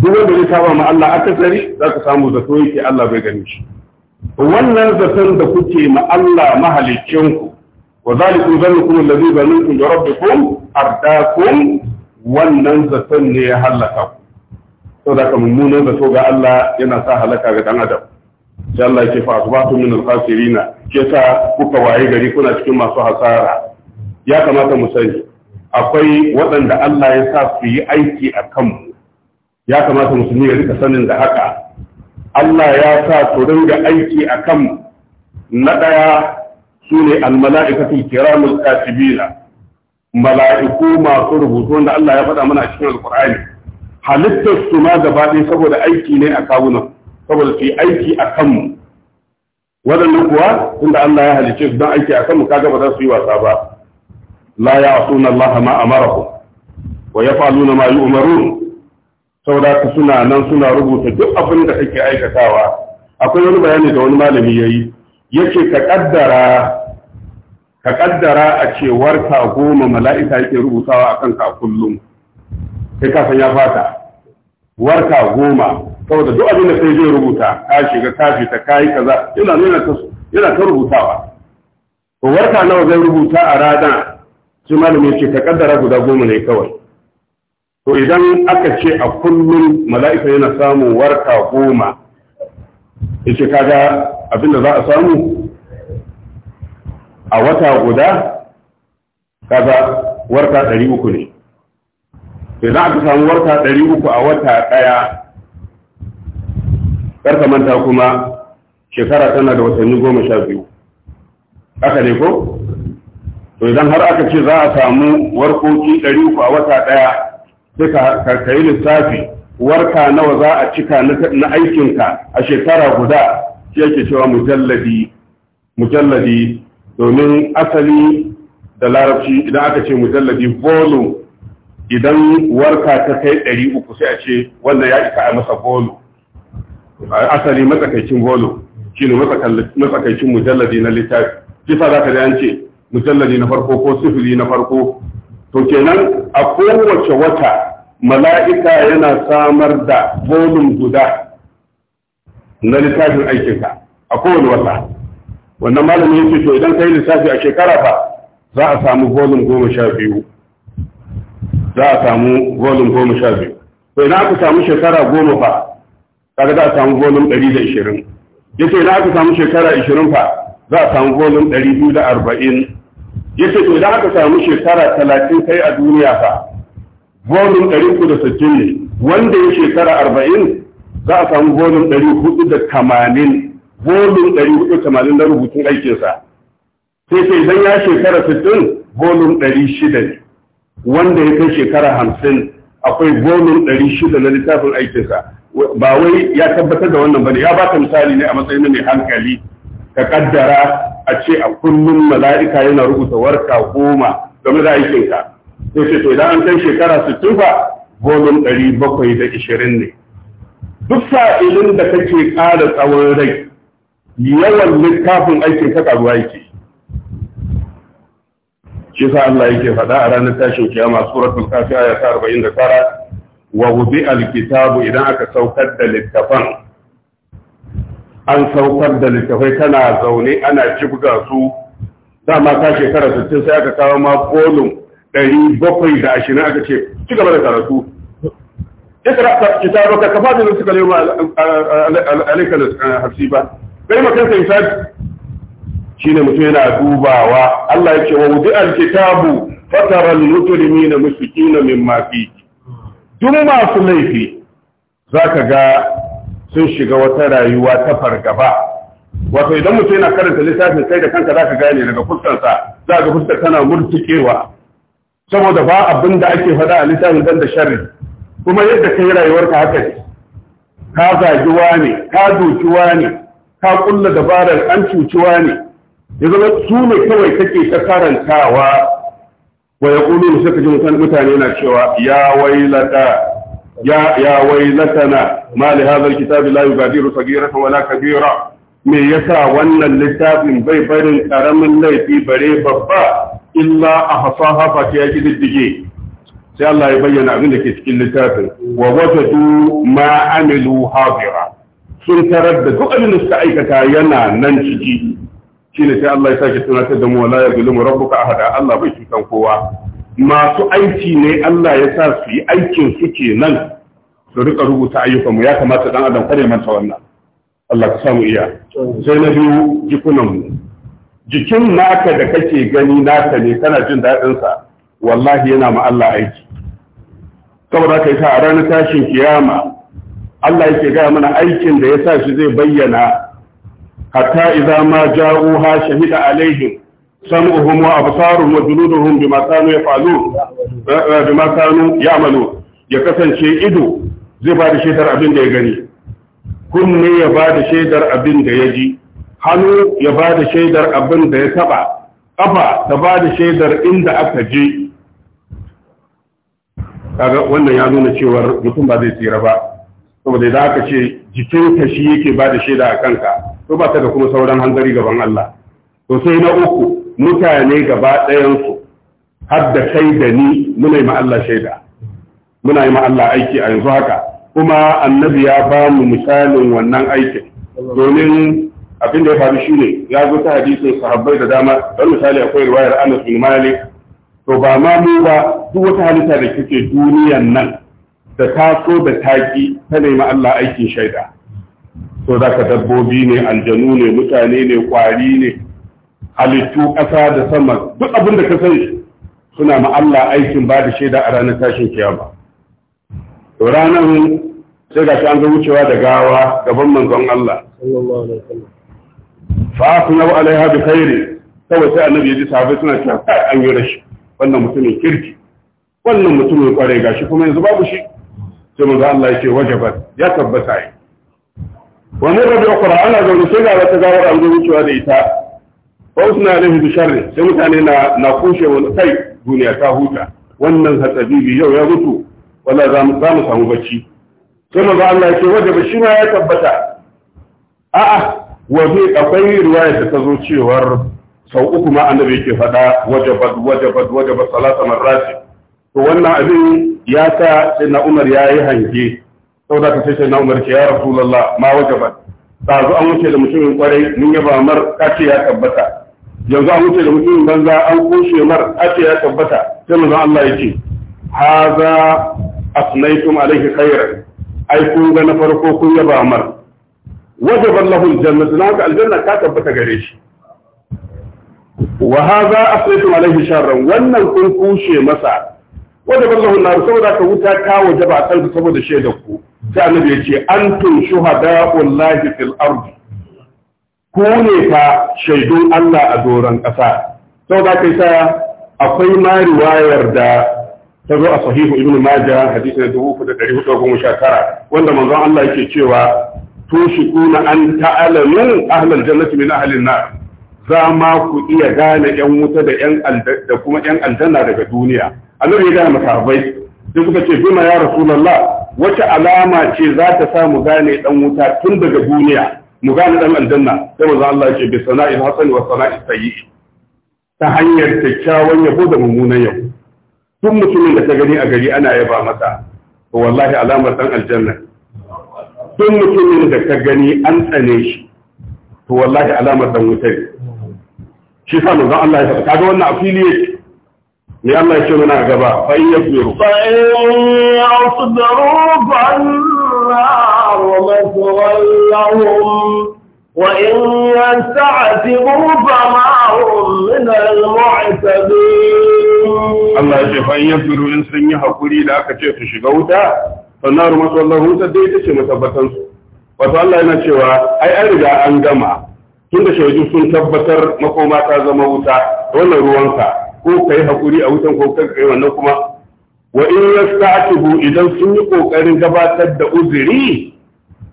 duk wanda ya saba ma Allah aka akasari za ka samu zato yake Allah bai ganin shi wannan zaton da kuke ma Allah mahalicinku wa zalikum zannukum alladhi zanantum bi wannan zaton ne ya halaka ku saboda ka mummunan zato ga Allah yana sa halaka ga dan adam sai Allah ya ce fa asbatu min al ke sa kuka waye gari kuna cikin masu hasara ya kamata mu sani akwai waɗanda Allah ya sa su yi aiki a kanmu ya kamata musulmi ya rika sanin da haka Allah ya sa su ringa aiki a kanmu na ɗaya sune almala'ikatul kiramul katibina mala'iku masu rubutu wanda Allah ya faɗa mana a cikin alqur'ani halittar su ma gaba ɗaya saboda aiki ne a kawunan saboda su yi aiki a kanmu waɗannan kuwa tunda Allah ya halice su don aiki a kanmu kaga ba za su yi wasa ba la ya'suna Allah ma amarahum wa yaf'aluna ma yu'marun saboda ka suna nan suna rubuta duk abin da kake aikatawa akwai wani bayani da wani malami ya yi Yake ka kaddara ka kaddara a ce warka goma mala'ika yake rubutawa a kanka a kullum sai ka san ya fata warka goma saboda duk abin da sai zai rubuta ka shiga kafi ta ka yi kaza yana nuna ta yana ta rubutawa to warka nawa zai rubuta a rana shi malami ce ka kaddara guda goma ne kawai to idan aka ce a kullum mala'ika yana samun warka goma yace kaga abinda za a samu a wata guda kaga warka ɗari uku ne za a samu warka ɗari uku a wata ɗaya karka manta kuma shekara tana da watanni goma sha biyu aka ne ko to idan har aka ce za a samu warkoki ɗari uku a wata ɗaya sai ka yi lissafi warka nawa za a cika na aikinka a shekara guda shi yake cewa mujalladi mujalladi domin asali da larabci idan aka ce mujalladi volume idan warka ta kai 300 sai a ce wannan ya isa a masa volume asali matsakaicin shi ne matsakaicin mujalladi na littafi kisa za ka da mujalladi na farko ko sifili na farko to kenan a kowace wata mala'ika yana samar da bolin guda na littafin aikinka a kowane wata wannan malami ce to idan ka yi lissafi a shekara fa za a samu bolin goma sha biyu za a samu bolin goma sha biyu to idan aka samu shekara goma fa kaga za a samu bolin ɗari da ishirin Ya ce idan aka samu shekara ishirin fa za a samu bolin ɗari biyu da arba'in Ya ce to idan aka samu shekara talatin kai a duniya fa bolin ɗari uku da sittin ne wanda ya shekara arba'in za a samu bolin ɗari hudu da tamanin bolin ɗari hudu da tamanin na rubutun aikinsa sai sai idan ya shekara sittin bolin ɗari shida ne wanda ya kai shekara hamsin akwai bolin ɗari shida na littafin aikinsa ba wai ya tabbatar da wannan bane ya baka misali ne a matsayin mai hankali ka kaddara a ce a kullum mala'ika yana rubuta warka goma game da aikinka sai ce to idan an kai shekara 60 ba gomin 720 ne duk sa'ilin da kake ƙara tsawon rai yawan littafin aikin ka karuwa yake shi sa Allah yake faɗa a ranar tashin kiyama suratul kafi aya ta 49 wa wudi alkitabu idan aka saukar da littafan an saukar da littafai kana zaune ana jibga su dama ka shekara 60 sai aka kawo ma kolin ɗari bakwai da ashirin aka ce ci gaba da karatu ikra kitabaka kafa bi nafsika al-yawma alayka hasiba kai ma kanka mutum yana dubawa Allah ce wa wudi al-kitabu fatara al na mushfiqina mimma fihi duk masu laifi ka ga sun shiga wata rayuwa ta fargaba wato idan mutum yana karanta lissafin sai da kanka zaka gane daga fuskarsa zaka ga fuskar tana murtukewa saboda ba abin da ake faɗa a littafin dan da sharri kuma yadda kai rayuwarka haka ne ka zagi ne, ka doki ne, ka kulla dabarar an cuci ne. ya zama su ne kawai kake ta karantawa wa ya kulu suka ji mutane na cewa ya wailata ya ya wailatana ma li kitabi alkitabi la yubadiru sagira wala kabira me yasa wannan littafin bai barin karamin laifi bare babba illa a hasaha ta ya kididdige sai Allah ya bayyana abin da ke cikin littafin wa wajadu ma amilu hadira sun tarar da duk abin da suka aikata yana nan ciki shine sai Allah ya sake tunatar da mu wala ya zulmu rabbuka ahada Allah bai cutan kowa masu aiki ne Allah ya sa su yi aikin su kenan su rika rubuta ayyukan mu ya kamata dan adam kare manta wannan Allah ka samu iya sai na biyu jikunan mu jikin naka da kake gani naka ne kana jin daɗin sa wallahi yana ma Allah aiki saboda kai sa a ranar tashin kiyama Allah yake gaya mana aikin da ya sa shi zai bayyana hatta idza ma ha shahida alaihim sam'uhum wa absaruhum wa juluduhum bima kanu yafalu eh, eh, bima kanu ya'malu ya kasance ido zai ba da abin da ya gani kunne ya ba da shaidar abin da ya ji hannu ya ba da shaidar abin da ya taba ƙafa ta ba da shaidar inda aka je kaga wannan ya nuna cewar mutum ba zai tsira ba saboda idan aka ce jikinka shi yake ba da shaida a kanka to ba ta da kuma sauran hanzari gaban Allah to sai na uku mutane gaba ɗayansu har da kai da ni muna yi ma Allah shaida muna yi ma Allah aiki a yanzu haka kuma annabi ya ba mu misalin wannan aikin domin abin da ya faru shi ne ya zo ta hadisin sahabbai da dama don misali akwai riwayar anas bin malik to ba ma mu ba duk wata halitta da kake duniyan nan da ta so da taki ta nemi Allah aikin shaida to za ka dabbobi ne aljanu ne mutane ne kwari ne halittu ƙasa da sama duk abin da ka sani suna ma Allah aikin ba da shaida a ranar tashin kiyama to ranar sai ga an ga wucewa da gawa gaban manzon Allah fa kuma wa alaiha bi khairi kawai sai annabi ya ji sahabbai suna cewa an yi rashi wannan mutumin kirki wannan mutumin kware gashi kuma yanzu babu shi sai manzon Allah ya ce wajabat ya tabbata yi wani rabi ukra ana zaune sai ga wata gawar an ga wucewa da ita fa usna alaihi bi sharri sai mutane na na kushe wani kai duniya ta huta wannan hatsabi yau ya mutu wala za mu samu bacci sai manzo Allah yake wanda ba shi ma ya tabbata a'a wafi akwai riwaya da ta zo cewar sau uku ma annabi yake faɗa wajabat waje wajabat salata marrati to wannan abin ya sa sai na Umar ya yi hange da ka sai sai na Umar ke ya Rasulullah ma ta zo an wuce da mutumin kwarai mun yaba mar kace ya tabbata yanzu an wuce da mutumin banza an kushe mar kace ya tabbata sai manzo Allah yake haza afnaytum alayhi khairan ai kun ga na farko kun yaba mar wajaba lahu aljannatu na ka aljanna ka tabbata gare shi wa hadha afnaytum alayhi sharran wannan kun kushe masa wajaba lahu nar saboda ka wuta ta wajaba a kanku saboda shaidar ku sai annabi yace antum shuhada'ullahi fil ardi ku ne fa shaidun Allah a doron ƙasa saboda sa akwai ma riwayar da ta zo a sahihu ibn majah hadisi na shakara, wanda manzon Allah yake cewa tushikuna an ta'alamu ahlal jannati min ahlin nar za ma ku iya gane yan wuta da kuma yan aljanna daga duniya annabi ya gane masahabai sai suka ce bima ya rasulullah wace alama ce za ta sa mu gane dan wuta tun daga duniya mu gane dan aljanna sai manzon Allah yake bi sana'il hasani wa sana'is ta hanyar kyakkyawan yabo da mummunan yau. duk mutumin da ta gani a gari ana yaba masa to wallahi alamar dan aljanna duk mutumin da ka gani an tsane shi to wallahi alamar dan wutar shi sa manzon Allah ya faɗa kaga wannan affiliate ne Allah ya ce mana gaba fa in yasbiru fa in yasbiru fa النار مثوى لهم وإن يستعتبوا فما هم من المعتدين الله يشفى أن يبدو إن سنية حقوري لك شيء تشغوتا فالنار ما شاء الله عليه وسلم تشي مثبتا wato Allah yana cewa ai an riga an gama tunda shaidu sun tabbatar makoma ta zama wuta wannan ruwanka ko ka yi haƙuri a wutan ko kai wannan kuma wa in yasta'tibu idan sun yi ƙoƙarin gabatar da uzuri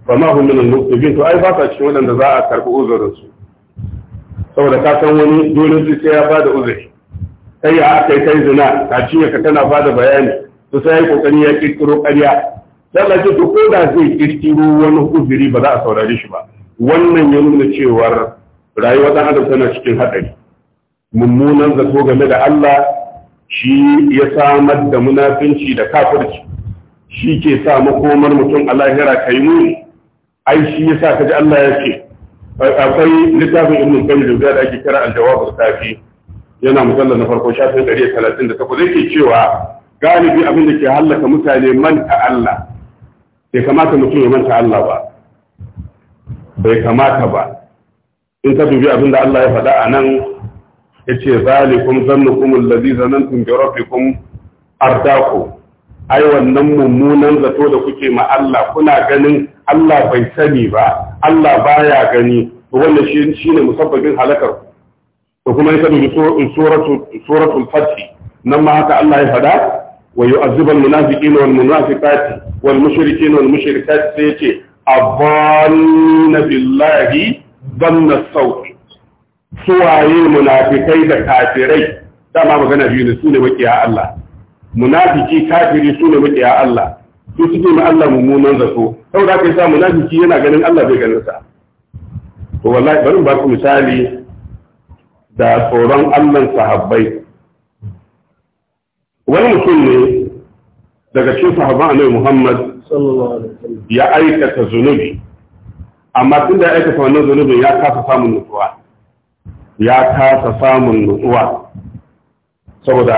ba ma hun minin al to ai ba sa cikin waɗanda za a karbi uzurin su saboda ka san wani dole su sai ya bada uzuri kai ya akai kai zina ka ciye ka tana bada bayani to sai ai kokari ya kirkiro ƙarya dan Allah to ko da zai kirkiro wani uzuri ba za a saurare shi ba wannan ya nuna cewar rayuwar dan adam tana cikin haɗari. mummunan zato game da Allah shi ya samar da munafinci da kafirci shi ke sa makomar mutum a lahira kai muni ai shi yasa kaji Allah ya ce akwai littafin ibn qayyim da ake kira al-jawab al-kafi yana mujallal na farko shafin 138 yake cewa galibi abin da ke hallaka mutane manta Allah bai kamata mutum ya manta Allah ba bai kamata ba in ka dubi abin da Allah ya faɗa a nan yace zalikum zannukum allazi zanantum bi rabbikum ardaku ai wannan mummunan zato da kuke ma Allah kuna ganin Allah bai sani ba Allah baya gani wannan shi shine musabbabin halakar to kuma yake da suratu suratul fath nan ma haka Allah ya fada wa yu'azzibu al-munafiqina wal munafiqati wal mushrikina wal mushrikati sai yace adanna billahi danna sawti suwaye munafikai da kafirai dama magana biyu ne su ne makiya Allah munafiki kafiri su ne ya Allah su suke ma Allah mummunan zato saboda yi sa munafiki yana ganin Allah bai ganin sa to wallahi bari ba ku misali da tsoron Allah sahabbai wani mutum ne daga cikin sahabban Annabi Muhammad ya aikata zunubi amma tun da ya aikata wannan zunubin ya kasa samun nutsuwa ya kasa samun nutsuwa saboda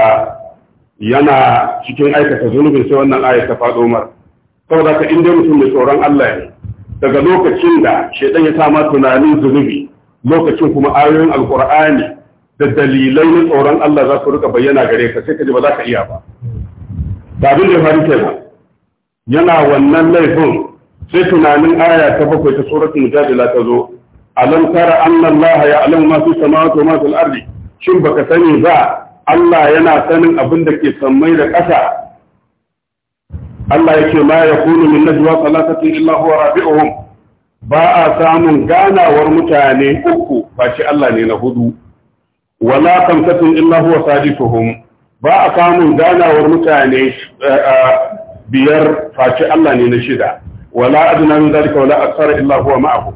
yana cikin aikata zunubin sai wannan ayat ta faɗo mar saboda ka inda mutum mai tsoron Allah ne daga lokacin da shaidan ya sama tunanin zunubi lokacin kuma ayoyin alkur'ani da dalilai na tsoron Allah za su rika bayyana gare ka sai ka ji ba za ka iya ba da abin da ya faru kenan yana wannan laifin sai tunanin aya ta bakwai ta suratul mujadila ta zo alam tara anna Allah ya'lamu ma fi samawati wa ma fil ardi shin baka sani ba Allah yana sanin abin da ke sammai da ƙasa Allah yake ma ya kunu min najwa salatatin illa huwa rabi'uhum ba a samun ganawar mutane uku face Allah ne na hudu wala kamsatin illa huwa sadisuhum ba a samun ganawar mutane eh, eh, biyar face Allah ne na shida wala adna min zalika wala aksara illa huwa ma'ahu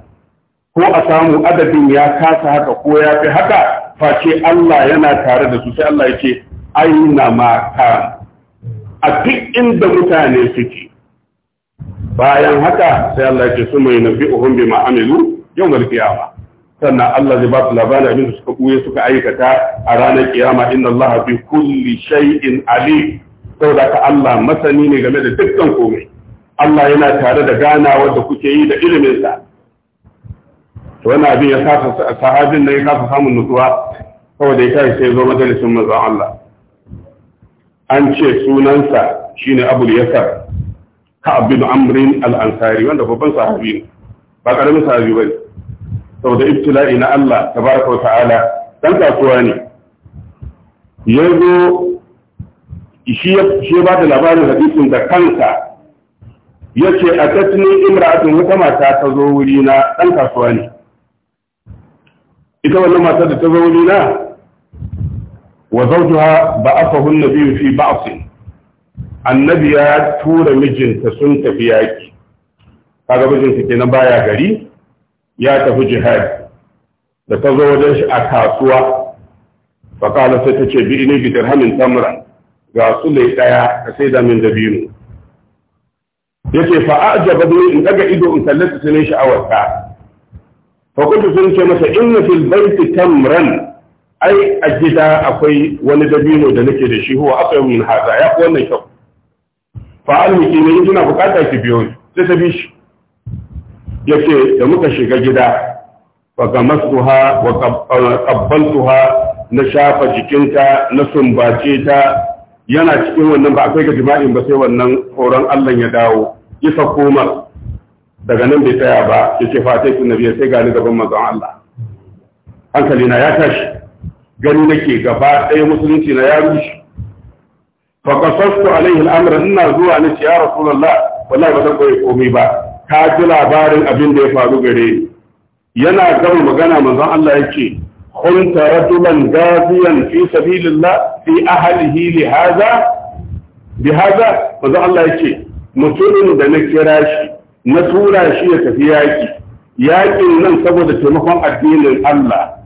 ko a samu adadin ya kasa haka ko ya fi haka face Allah yana tare da su sai Allah ya ce aina ma a duk inda mutane suke bayan haka sai Allah ya ce su mai nabi uhum bi ma'amilu yawmal qiyama sannan Allah zai ba su labarin abin da suka buye suka aikata a ranar kiyama inna Allah bi kulli shay'in alim saboda ka Allah masani ne game da dukkan komai Allah yana tare da ganawa da kuke yi da iliminsa. sa wani abin ya kafa sahabin nan ya kasa samun nutsuwa kawai da ya tashi sai zo majalisin manzon Allah an ce sunansa shine Abu Yasar ka bin Amr al-Ansari wanda babban sahabi ne ba karamin sahabi bane saboda ibtila'i na Allah tabaraka wa ta'ala dan kasuwa ne yanzu shi ya ba da labarin hadisin da kansa ya ce a tattunin imra'atun wata mata ta zo wuri na ɗan kasuwa ne ita wannan mata da ta zo wuri na wa zawjuha ba'athahu an-nabi fi ba'sin annabi ya tura mijinta sun tafi yaki kaga mijinta kenan baya gari ya tafi jihad da ta zo wajen shi a kasuwa fa qala sai ta ce bi ini bi dirhamin tamran ga sule daya ka sai da min dabino yace fa a'jaba ni in daga ido in kallata sunan sha'awarta fa kuntu sun ce masa inna fil baiti tamran ai a gida akwai wani dabino da nake da shi huwa akwai min haza ya fi wannan kyau fa almiki ne in kina bukata ki biyo sai ta bi shi yace da muka shiga gida fa gamastuha wa ah, qabbaltuha na shafa jikinta na sumbace ta yana cikin wannan ba akwai ga jima'in ba sai wannan horon Allah ya dawo ya sako daga nan bai tsaya ba yace fa sai ku ni sai gani gaban manzon Allah hankalina ya tashi gani nake gaba ɗaya musulunci na ya rushe fa qasastu alaihi al ina zuwa ne ya rasulullah wallahi ba zan koyi komai ba ka ji labarin abin da ya faru gare ni yana gama magana manzon Allah yake kunta rajulan gaziyan fi sabilillah fi ahlihi li hadha bi hadha manzon Allah yake mutumin da na kira shi na tura shi ya tafi yaki yakin nan saboda taimakon addinin Allah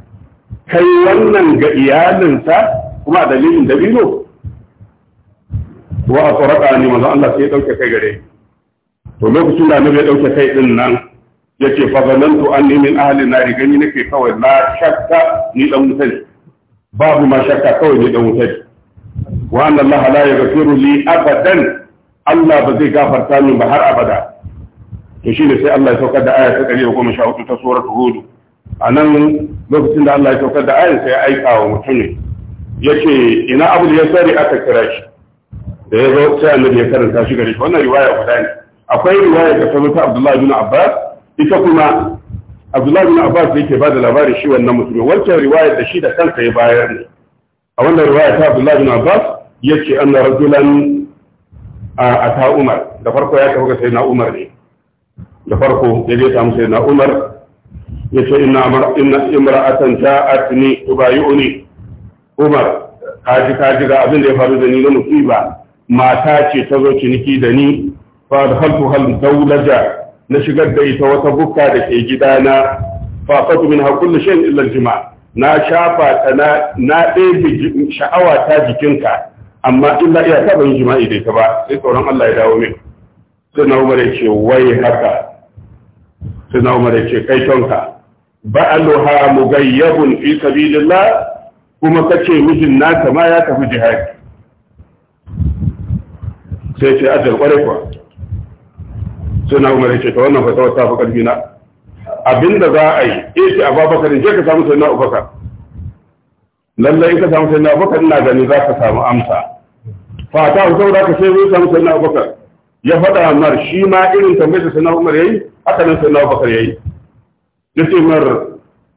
kai wannan ga iyalinsa kuma a dalilin dabino wa a tsoraka ne manzo Allah sai ya dauke kai gare to lokacin da annabi ya ɗauke kai din nan yace fa zanantu anni min ahli nari gani nake kawai Na shakka ni dan wuta ne babu ma shakka kawai ni dan wuta ne wa anna Allah la yaghfiru li abadan Allah ba zai gafarta min ba har abada to shine sai Allah ya saukar da aya ta 114 ta suratul hud a nan lokacin da Allah ya saukar da ayin sai ya aika wa ne ya ce ina abu da ya sari aka kira shi da ya zo sai annabi ya karanta shi gare shi wannan riwaya guda ne akwai riwaya da ta ta Abdullahi bin Abbas ita kuma Abdullahi bin Abbas da yake bada labari shi wannan mutumin wancan riwaya da shi da kansa ya bayar ne a wannan riwaya ta Abdullahi bin Abbas ce anna rajulan a ta Umar da farko ya tafi ga sayyidina Umar ne da farko ya je ta musu sayyidina Umar yace inna inna imra'atan ja'atni tubayuni Umar kaji kaji ga abin da ya faru da ni na musiba mata ce ta zo ciniki da ni fa da haltu hal daulaja na shigar da ita wata bukka da ke gidana fa fatu min hakul shay'in illa al-jima na shafa ta na na ɗebe sha'awa ta jikinka amma illa iya ta ban jima'i da ita ba sai tsoron Allah ya dawo min sai na umar ya ce wai haka sai na umar ya ce kai tonka ba'aluha mughayyabun fi sabilillah kuma kace mijin naka ma ya tafi jihadi sai ce ajal kware kuwa Sai umar ya ce ta wannan fatawa ta fi karfi na abinda za a yi eh ce ababakar je ka samu sai na ubakar lallai in ka samu sai na ubakar ina gani za ka samu amsa fata ku da ka sai zai samu sai na ubakar ya faɗa mar shi ma irin tambayar da sai na umar yayi haka nan sai na ubakar yayi ya ce mar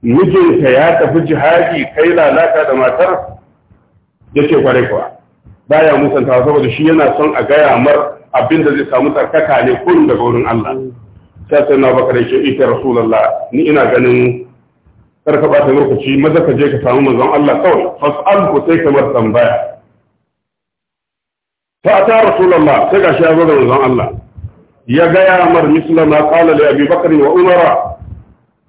mijinta ya tafi jihadi kai lalata da matar ya ce kwarai kuwa baya musantawa saboda shi yana son a gaya mar abin da zai samu tsarkaka ne kun daga wurin Allah sai sai na bakare ke ita rasulullah ni ina ganin karka bata lokaci maza ka je ka samu manzon Allah kawai ku sai kamar tambaya فأتى رسول ya zo da رضي Allah. ya gaya mar misla ma qala li abi bakr wa umar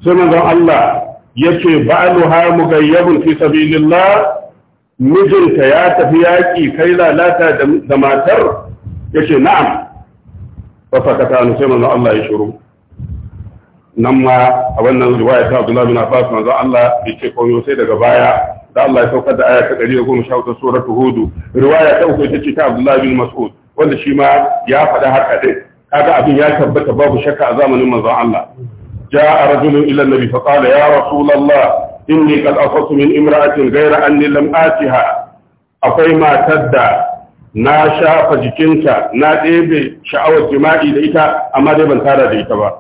sai manzon Allah yace ba'luha mughayyabun fi sabilillah mijinta ya tafi yaƙi kai lalata da matar yace na'am fa fakata sai manzon Allah ya shiru nan ma a wannan riwaya ta Abdullah bin Abbas manzon Allah ce komai sai daga baya da Allah ya saukar da aya ta 114 ta suratul Hud riwaya ta uku ita ce ta Abdullah bin Mas'ud wanda shi ma ya faɗa haka din kaga abin ya tabbata babu shakka a zamanin manzon Allah جاء رجل إلى النبي فقال يا رسول الله إني قد أصبت من امرأة غير أني لم آتها أفيما تدى na shafa jikinta na ɗebe sha'awar jima'i da ita amma dai ban tara da ita ba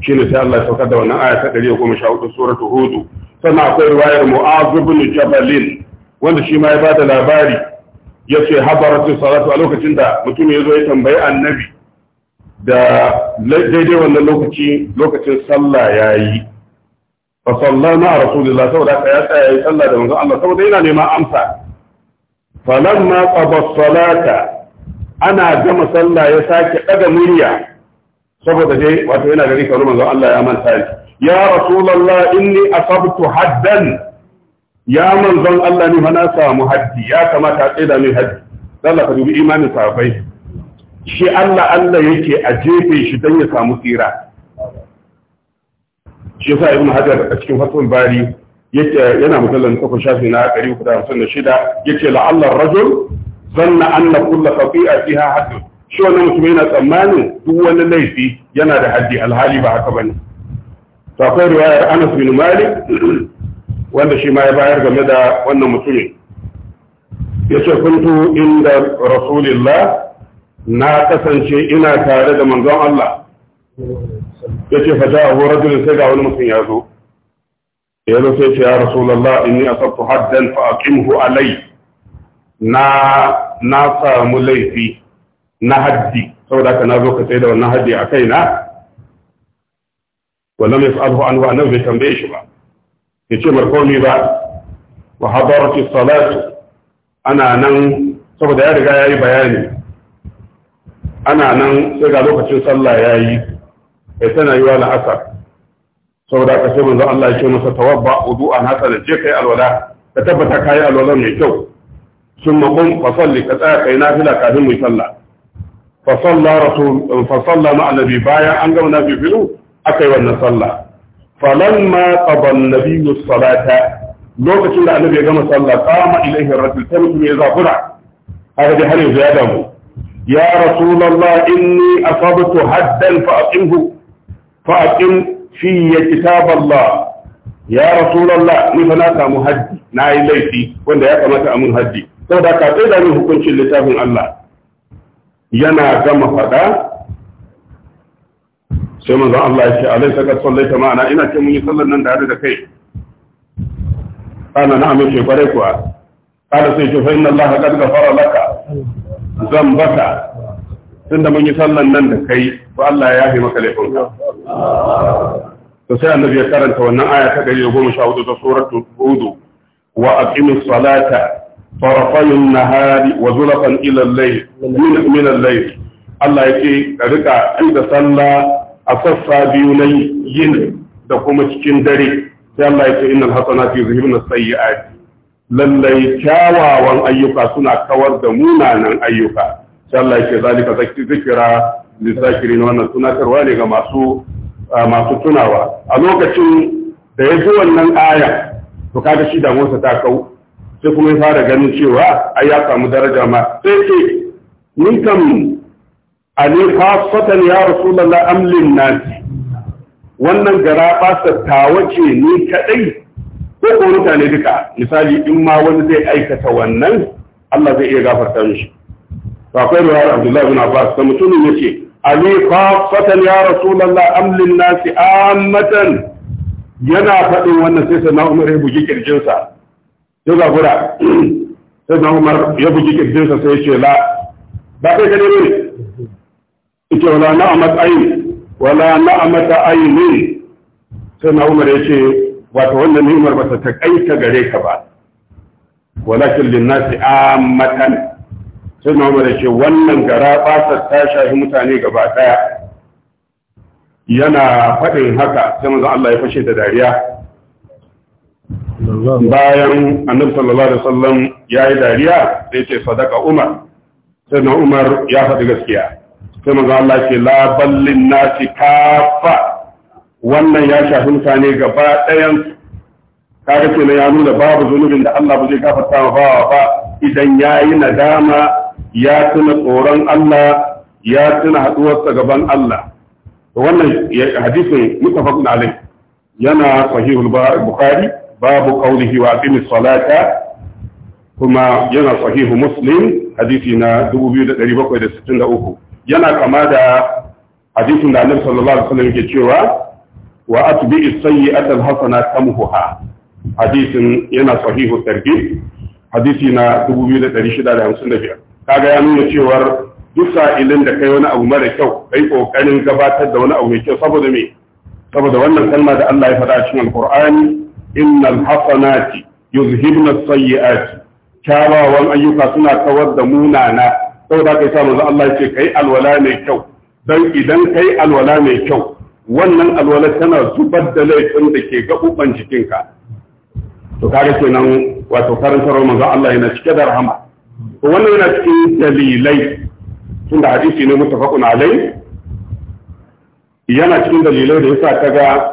shi ne sai Allah ya saukar da wannan aya ta 114 suratu hud sannan akwai riwayar mu'az ibn jabalin wanda shi ma ya bada labari yace habaratu salatu a lokacin da mutum ya zo ya tambayi annabi da daidai wannan lokaci lokacin sallah ya yi fa salla na rasulullah saboda ka ya tsaya yi sallah da manzon Allah saboda yana neman amsa falamma qada salata ana gama sallah ya sake daga murya saboda dai wato yana gari kawai manzon Allah ya manta shi ya rasulullah inni asabtu haddan ya manzon Allah ni fa na samu haddi ya kamata a tsida min haddi Allah ka dubi imanin sahabbai shi Allah Allah yake a jefe shi don ya samu tsira shi yasa ibn hajar a cikin fatul bari yana mutallan takwas shafi na 356 yace la'allar rajul zanna anna kulla qati'a fiha hadd shi wannan mutum yana tsammanin duk wani laifi yana da haddi alhali ba haka bane to akwai riwayar Anas bin Malik wanda shi ma ya bayar game da wannan mutumin yace kuntu inda rasulillah na kasance ina tare da manzon Allah ya ce fata a horar jirin sai ga wani mutum ya zo ya sai ce ya rasulallah inni a sabtu haddan fa a kimhu alai na na samu laifi na haddi saboda ka na zo ka sai da wannan haddi a kaina wannan mai fa'alhu an wa bai tambaye shi ba ya ce markomi ba wa habaratu salatu ana nan saboda ya riga ya yi bayani ana nan sai ga lokacin sallah ya yi bai tana yi wa la'asar saboda ka sai manzo Allah ya ce masa tawabba wudu an hasa da je kai alwala ka tabbata kai alwala mai kyau summa qum fa salli ka tsaya kai nafila kafin mu sallah fa salla rasul fa salla ma annabi bayan an gama nafilu akai wannan sallah falamma qada an-nabiyyu salata lokacin da annabi ya gama sallah qama ilayhi ar-rajul tamshi ya zafura haka dai har yanzu ya damu يا رسول الله إني أصبت حدا فأقمه فأقم في كتاب الله ya rasulallah ni fa na samu haddi na yi laifi wanda ya kamata a mun haddi saboda ka tsaye min hukuncin littafin Allah yana gama fada sai manzon Allah ya ce alai saka sallaita ma'ana ina ce mun yi sallar nan da hada da kai ana na kuwa kada sai ce fa inna Allah laka zan baka tun da mun yi sallan nan da kai ko Allah ya yafe maka laifinka to sai annabi ya karanta wannan aya ta gari goma sha hudu ta suratul hud wa aqimis salata طرفي النهار وزلفا الى الليل من من الليل الله yake ka rika inda sallah a sassa biyu na yin da kuma cikin dare sai Allah yake innal hasanati yuzhibna sayyi'ati lallai kyawawan ayyuka suna kawar da munanan ayyuka sai ke zalika zalika zikira na wannan tunatarwa ne ga masu masu tunawa a lokacin da ya zo wannan aya to kaga shi damuwarsa ta kau sai kuma ya fara ganin cewa ai ya samu daraja ma sai ce mun kam ani khasatan ya rasulullah amlin nasi wannan gara ba ta tawace ni kadai ko ko mutane duka misali in ma wani zai aikata wannan Allah zai iya gafarta mishi fa akwai ruwayar Abdullah ibn Abbas da mutumin yace ali fatan ya rasulullah am lin nasi ammatan yana fadin wannan sai na Umar ya buji kirjinsa to ga gura sai na Umar ya buji kirjinsa sai ya ce la ba kai gane ne ita wala na'amat ayn wala na'amata aynin sai na Umar ya ce wato wannan ni'imar ba ta takaita gare ka ba walakin linnasi ammatan sai na Umar ce wannan gara basar ta shafi mutane gaba daya yana faɗin haka sai manzo Allah ya fashe da dariya bayan annabi sallallahu alaihi wasallam yayi dariya sai ce sadaka Umar sai na Umar ya faɗi gaskiya sai manzo Allah ya ce la ballin nasi kafa wannan ya shafi mutane gaba ɗayan kaga kenan ya nuna babu zunubin da Allah ba zai gafarta ma bawa ba idan ya yi nadama ya tuna tsoron Allah ya tuna haɗuwarsa gaban Allah wannan hadisin mutafakun alai yana sahihul bukhari babu qawlihi wa aqimis salata kuma yana sahihu muslim hadisi na 2763 yana kama da hadisin da annabi sallallahu alaihi wasallam yake cewa wa atbi'is sayyi'ata al-hasana tamhuha hadisin yana sahihu targhib hadisi na 2655 kaga ya nuna cewar duk sa'ilin da kai wani abu mara kyau kai kokarin gabatar da wani abu mai kyau saboda me saboda wannan kalma da Allah ya faɗa a cikin Al-Qur'ani innal hasanati yuzhibna as-sayyi'ati kyawawan ayyuka suna kawar da munana saboda kai sa manzo Allah ya ce kai alwala mai kyau dan idan kai alwala mai kyau wannan alwala tana zubar da laifin da ke gaɓuɓɓan jikinka to kaga kenan wato karantarwar manzo Allah yana cike da rahama to wannan yana cikin dalilai tun da hadisi ne mutafaqun alai yana cikin dalilai da yasa kaga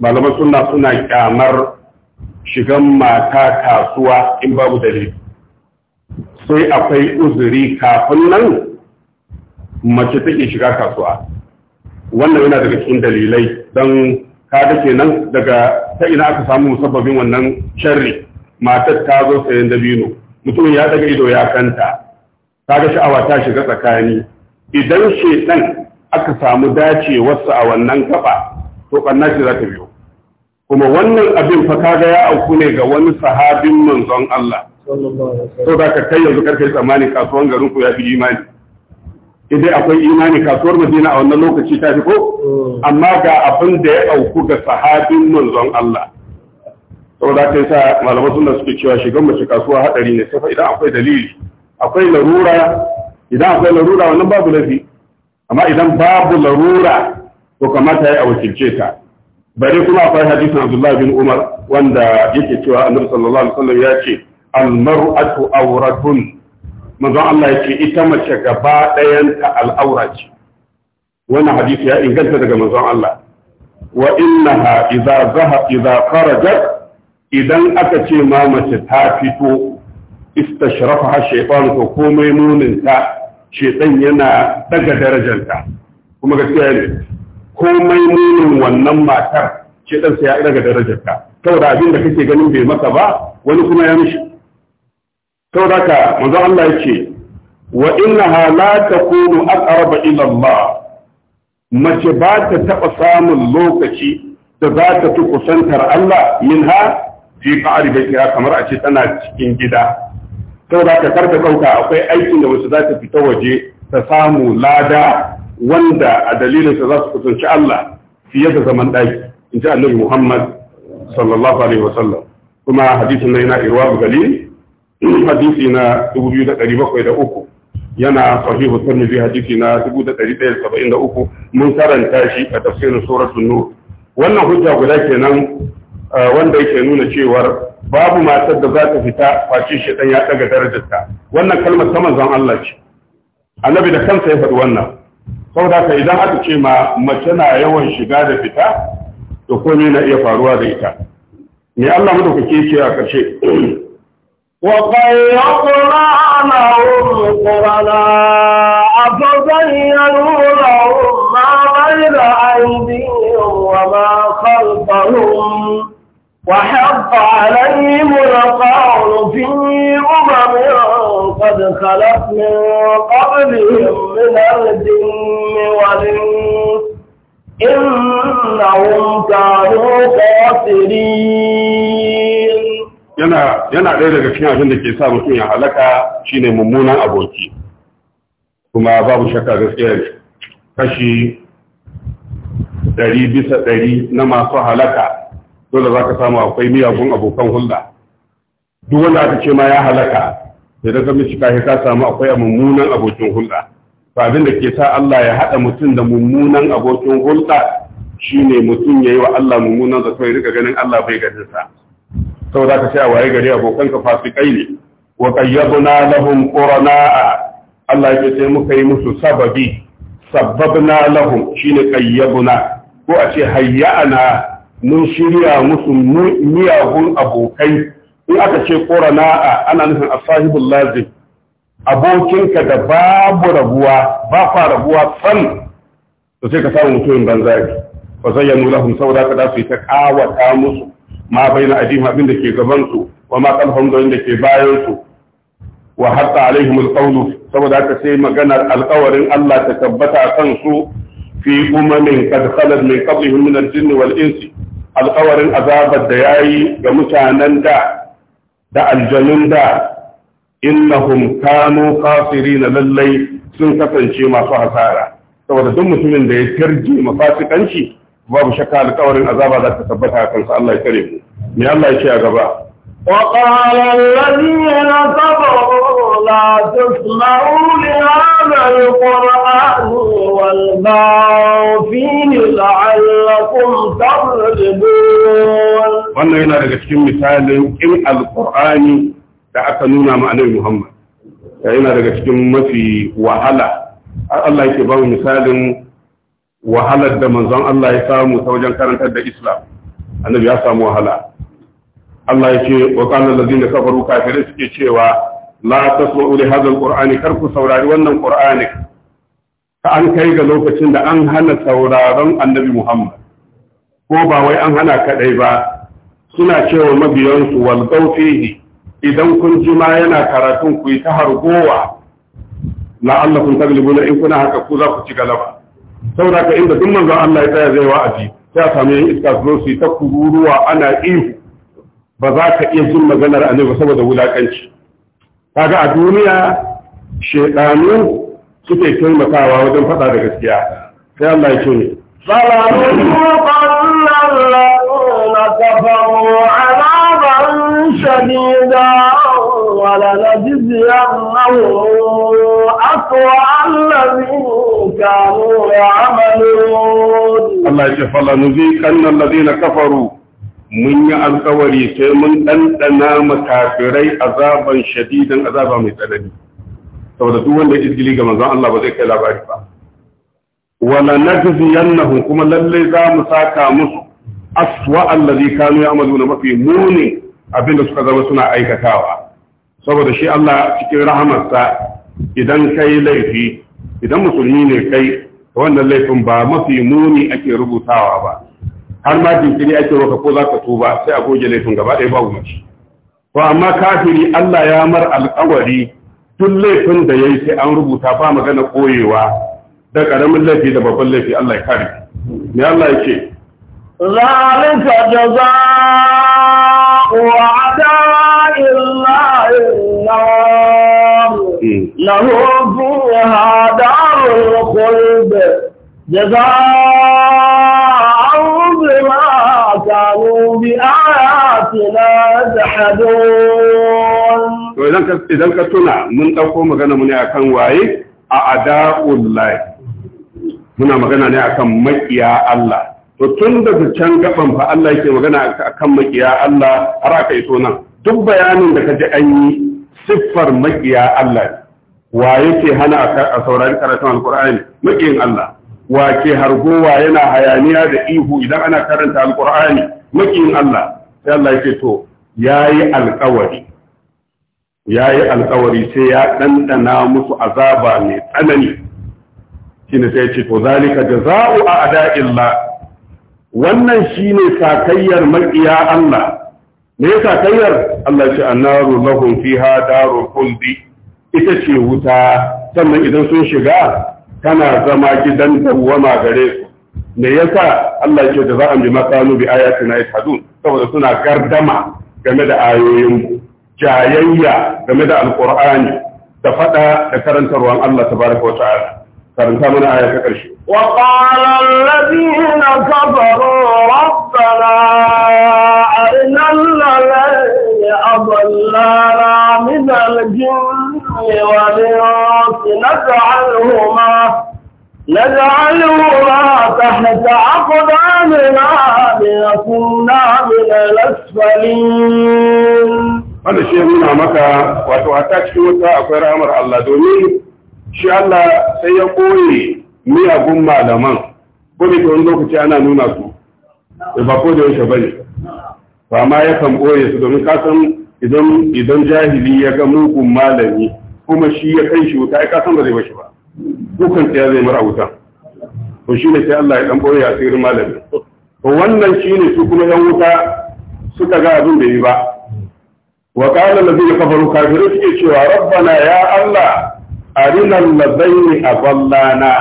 malaman sunna suna kyamar shigan mata kasuwa in babu dalili sai akwai uzuri kafin nan mace take shiga kasuwa wannan yana daga cikin dalilai don ka kaga kenan daga ta ina aka samu musabbabin wannan sharri matar ta zo sayan dabino mutumin ya daga ido ya kanta kaga sha'awa ta shiga tsakani idan shedan aka samu dacewarsa a wannan gaba to kanna ce za ta biyo kuma wannan abin fa kaga ya auku ne ga wani sahabin manzon Allah to da ka kai yanzu karkai yi kasuwan garin ku ya fi imani idan akwai imani kasuwar madina a wannan lokaci ta fi ko amma ga abin da ya auku ga sahabin manzon Allah saboda kai sa malaman sunna suke cewa shigan mace kasuwa hadari ne sai idan akwai dalili akwai larura idan akwai larura wannan babu lafi amma idan babu larura to kamata ya wakilce ta bare kuma akwai hadisin Abdullah bin Umar wanda yake cewa Annabi sallallahu alaihi wasallam ya ce al-mar'atu awratun manzon Allah ya ce ita mace gaba ɗayanta al'aura ce wannan hadisi ya inganta daga manzon Allah wa innaha idza zaha idza kharajat idan aka ce ma mace ta fito istashrafaha shaytan to komai munin ta shaytan yana daga darajarta kuma gaskiya ne komai munin wannan matar shaytan sai ya daga darajarta saboda abin da kake ganin bai maka ba wani kuma ya mishi to daga manzo Allah yace wa innaha la takunu aqrab ila Allah mace ba ta taba samun lokaci da za ta fi kusantar Allah minha fi qa'ri baitiha kamar a ce tana cikin gida to da ka karka akwai aikin da wasu za ta fita waje ta samu lada wanda a dalilinsa za su kusanci Allah fiye da zaman ɗaki in ji annabi Muhammad sallallahu alaihi wasallam kuma hadisin na yana irwa galil hadisi na 2703 yana sahihu tirmidhi hadisi na 1173 mun karanta shi a tafsirin suratul nur wannan hujja guda kenan wanda yake nuna cewar babu matar da za ta fita face shi dan ya daga darajarta wannan kalmar ta manzon Allah ce annabi da kansa ya faɗi wannan saboda ka idan aka ce ma mace na yawan shiga da fita to komai na iya faruwa da ita me Allah madaukake ce a ƙarshe وقيضنا لهم قرناء فزينوا لهم ما بين أيديهم وما خلفهم وحق عليهم القول في أمم قد خلت من قبلهم من الجن والإنس إنهم كانوا خاسرين yana ɗaya daga cikin abin da ke sa mutum ya halaka shine mummunan aboki kuma babu shakka gaskiya kashi ɗari bisa ɗari na masu halaka dole za ka samu akwai miyagun abokan hulɗa duk wanda aka ce ma ya halaka da daga mishi kashi ka samu akwai a mummunan abokin hulɗa ba abin da ke sa Allah ya haɗa mutum da mummunan abokin hulɗa shine mutum ya yi wa Allah mummunan zato ya rika ganin Allah bai ganin sa saboda ka sai a waye gari abokan ka fasikai ne wa qayyabna lahum qurana Allah ya ce muka yi musu sababi sababna lahum shine qayyabna ko a ce hayya'ana mun shirya musu miyagun abokai in aka ce qurana ana nufin asahibul lazim abokinka da babu rabuwa ba fa rabuwa san to sai ka samu mutumin banzari fa zayyanu lahum saboda ka da su ta kawata musu ma baina ajihim abin da ke gabansu, wa ma kalfahum da wanda ke bayan su wa hatta alaihim alqawlu saboda haka sai maganar alƙawarin Allah ta tabbata kan su fi umamin qad khalat min qablihim min al-jinn wal alƙawarin azabar da yayi ga mutanen da da aljanun da innahum kanu na lallai sun kasance masu hasara saboda duk mutumin da ya tarje mafasikanci babu shakka alƙawarin azaba za ta tabbata a kansa Allah ya kare mu me Allah ya ce a gaba وقال الذين كفروا لا تسمعوا لهذا القرآن والبعوا فيه لعلكم تغلبون wannan yana daga cikin misalin in alƙur'ani da aka nuna ma annabi Muhammad yana daga cikin mafi wahala Allah yake ba mu misalin wahalar da manzon Allah ya samu ta wajen karantar da Islam annabi ya samu wahala Allah ya ce wa qala allazina kafaru kafirai suke cewa la tasma'u li hadha alqur'ani kar ku saurari wannan qur'ani ka an kai ga lokacin da an hana sauraron annabi Muhammad ko ba wai an hana kadai ba suna cewa mabiyansu wal fihi idan kun ji ma yana karatun ku yi ta hargowa la'allakum taglibuna in kuna haka ku za ku ci galaba saboda ka inda duk manzon Allah ya tsaya zai wa'azi sai a samu yan iska su zo su ta kururuwa ana ihu ba za ka iya jin maganar annabi ba saboda wulakanci kaga a duniya shedanu suke taimakawa wajen faɗa da gaskiya sai Allah ya ce ne ولنجزينهم يعملون الله يجفل نذيقن الذين كفروا mun yi alkawari sai mun ɗanɗana makafirai azaban shadidan azaba mai tsanani saboda duk wanda izgili ga manzon Allah ba zai kai labari ba wala najziyannahum kuma lalle za mu saka musu aswa allazi kanu ya'maluna mafi munin abinda suka zama suna aikatawa saboda shi Allah cikin rahamarsa idan kai laifi idan musulmi ne kai wannan laifin ba mafi muni ake rubutawa ba har ma jinkiri ake roka ko za ka tuba sai a goge laifin gaba ɗaya babu mace to amma kafiri Allah ya mar alƙawari tun laifin da yayi sai an rubuta ba magana koyewa da karamin laifi da babban laifi Allah ya kare me Allah yake zalika jazaa'u a'da'i Allah hmm. lahu fiha الخلد جزاء بما كانوا بآياتنا idan ka tuna mun dauko magana mu ne akan waye a Ada'ul-Lai. muna magana ne akan makiya Allah to tun daga can gaban fa Allah yake magana akan makiya Allah har aka iso nan duk bayanin da ka ji an yi siffar maƙiya Allah wa yake hana a saurari karatun alkur'ani makiyin Allah wa ke hargowa yana hayaniya da ihu idan ana karanta alkur'ani makiyin Allah sai Allah yake to yayi alƙawari yayi alƙawari sai ya dandana musu azaba mai tsanani shine sai ya ce to zalika jazaa'u a'da'illah wannan shi ne sakayyar maƙiya Allah, me ya sakayyar Allah ce an naru lahun fi ha ita ce wuta sannan idan sun shiga tana zama gidan dawwama gare su me yasa Allah ke da za a bi makanu bi na hadu saboda suna gardama game da ayoyin jayayya game da alqur'ani da fada da karantarwan Allah tabaraka wa ta'ala karanta mana aya ta karshe wa qala alladhina kafaru rabbana arina alladhi adallana min al والإنس na نجعلهما تحت أقدامنا ليكونا من الأسفلين wanda shi nuna maka wato a cikin akwai ramar Allah domin shi Allah sai ya koye miyagun malaman ko da wani lokaci ana nuna su da ba ko da ya kuma shi ya kai shi wuta ai ka san ba zai bashi ba dukan ya zai mara wuta to shi ne sai Allah ya dan boye asirin malamin to wannan shine su kuma yan wuta suka ga abin da yi ba wa qala allazi kafaru kafiru suke cewa rabbana ya Allah arina allazaini aballana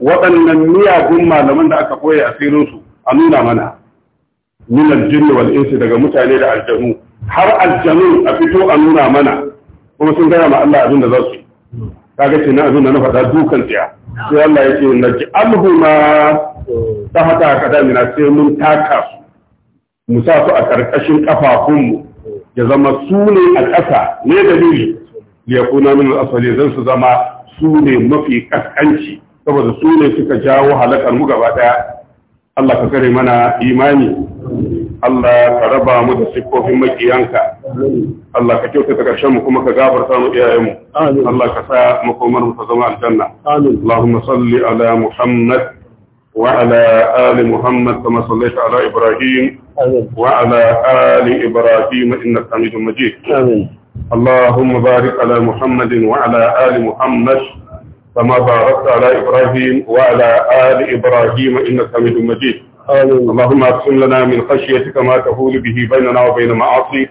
waɗannan miyagun malaman da aka koya asirin su a nuna mana min aljinni wal insi daga mutane da aljanu har aljanu a fito a nuna mana kuma sun gaya ma Allah abin da za su yi kaga ce na abin da na faɗa dukan tsaya sai Allah ya ce na ji alhuma ta haka ka damina sai mun taka su mu sa su a ƙarƙashin ƙafafunmu ya zama su ne a ƙasa ne dalili kuna min asali zan su zama su ne mafi ƙasƙanci saboda su ne suka jawo halakar mu gaba daya Allah ka kare mana imani Allah ka raba mu da siffofin makiyanka الله ka kyautata karshen mu kuma وعلى آل محمد كما صليت على إبراهيم آمين. وعلى آل إبراهيم إنك حميد مجيد اللهم بارك على محمد وعلى آل محمد كما باركت على إبراهيم وعلى آل إبراهيم إنك حميد مجيد آمين. اللهم اقسم لنا من خشيتك ما تهول به بيننا وبين معاصيك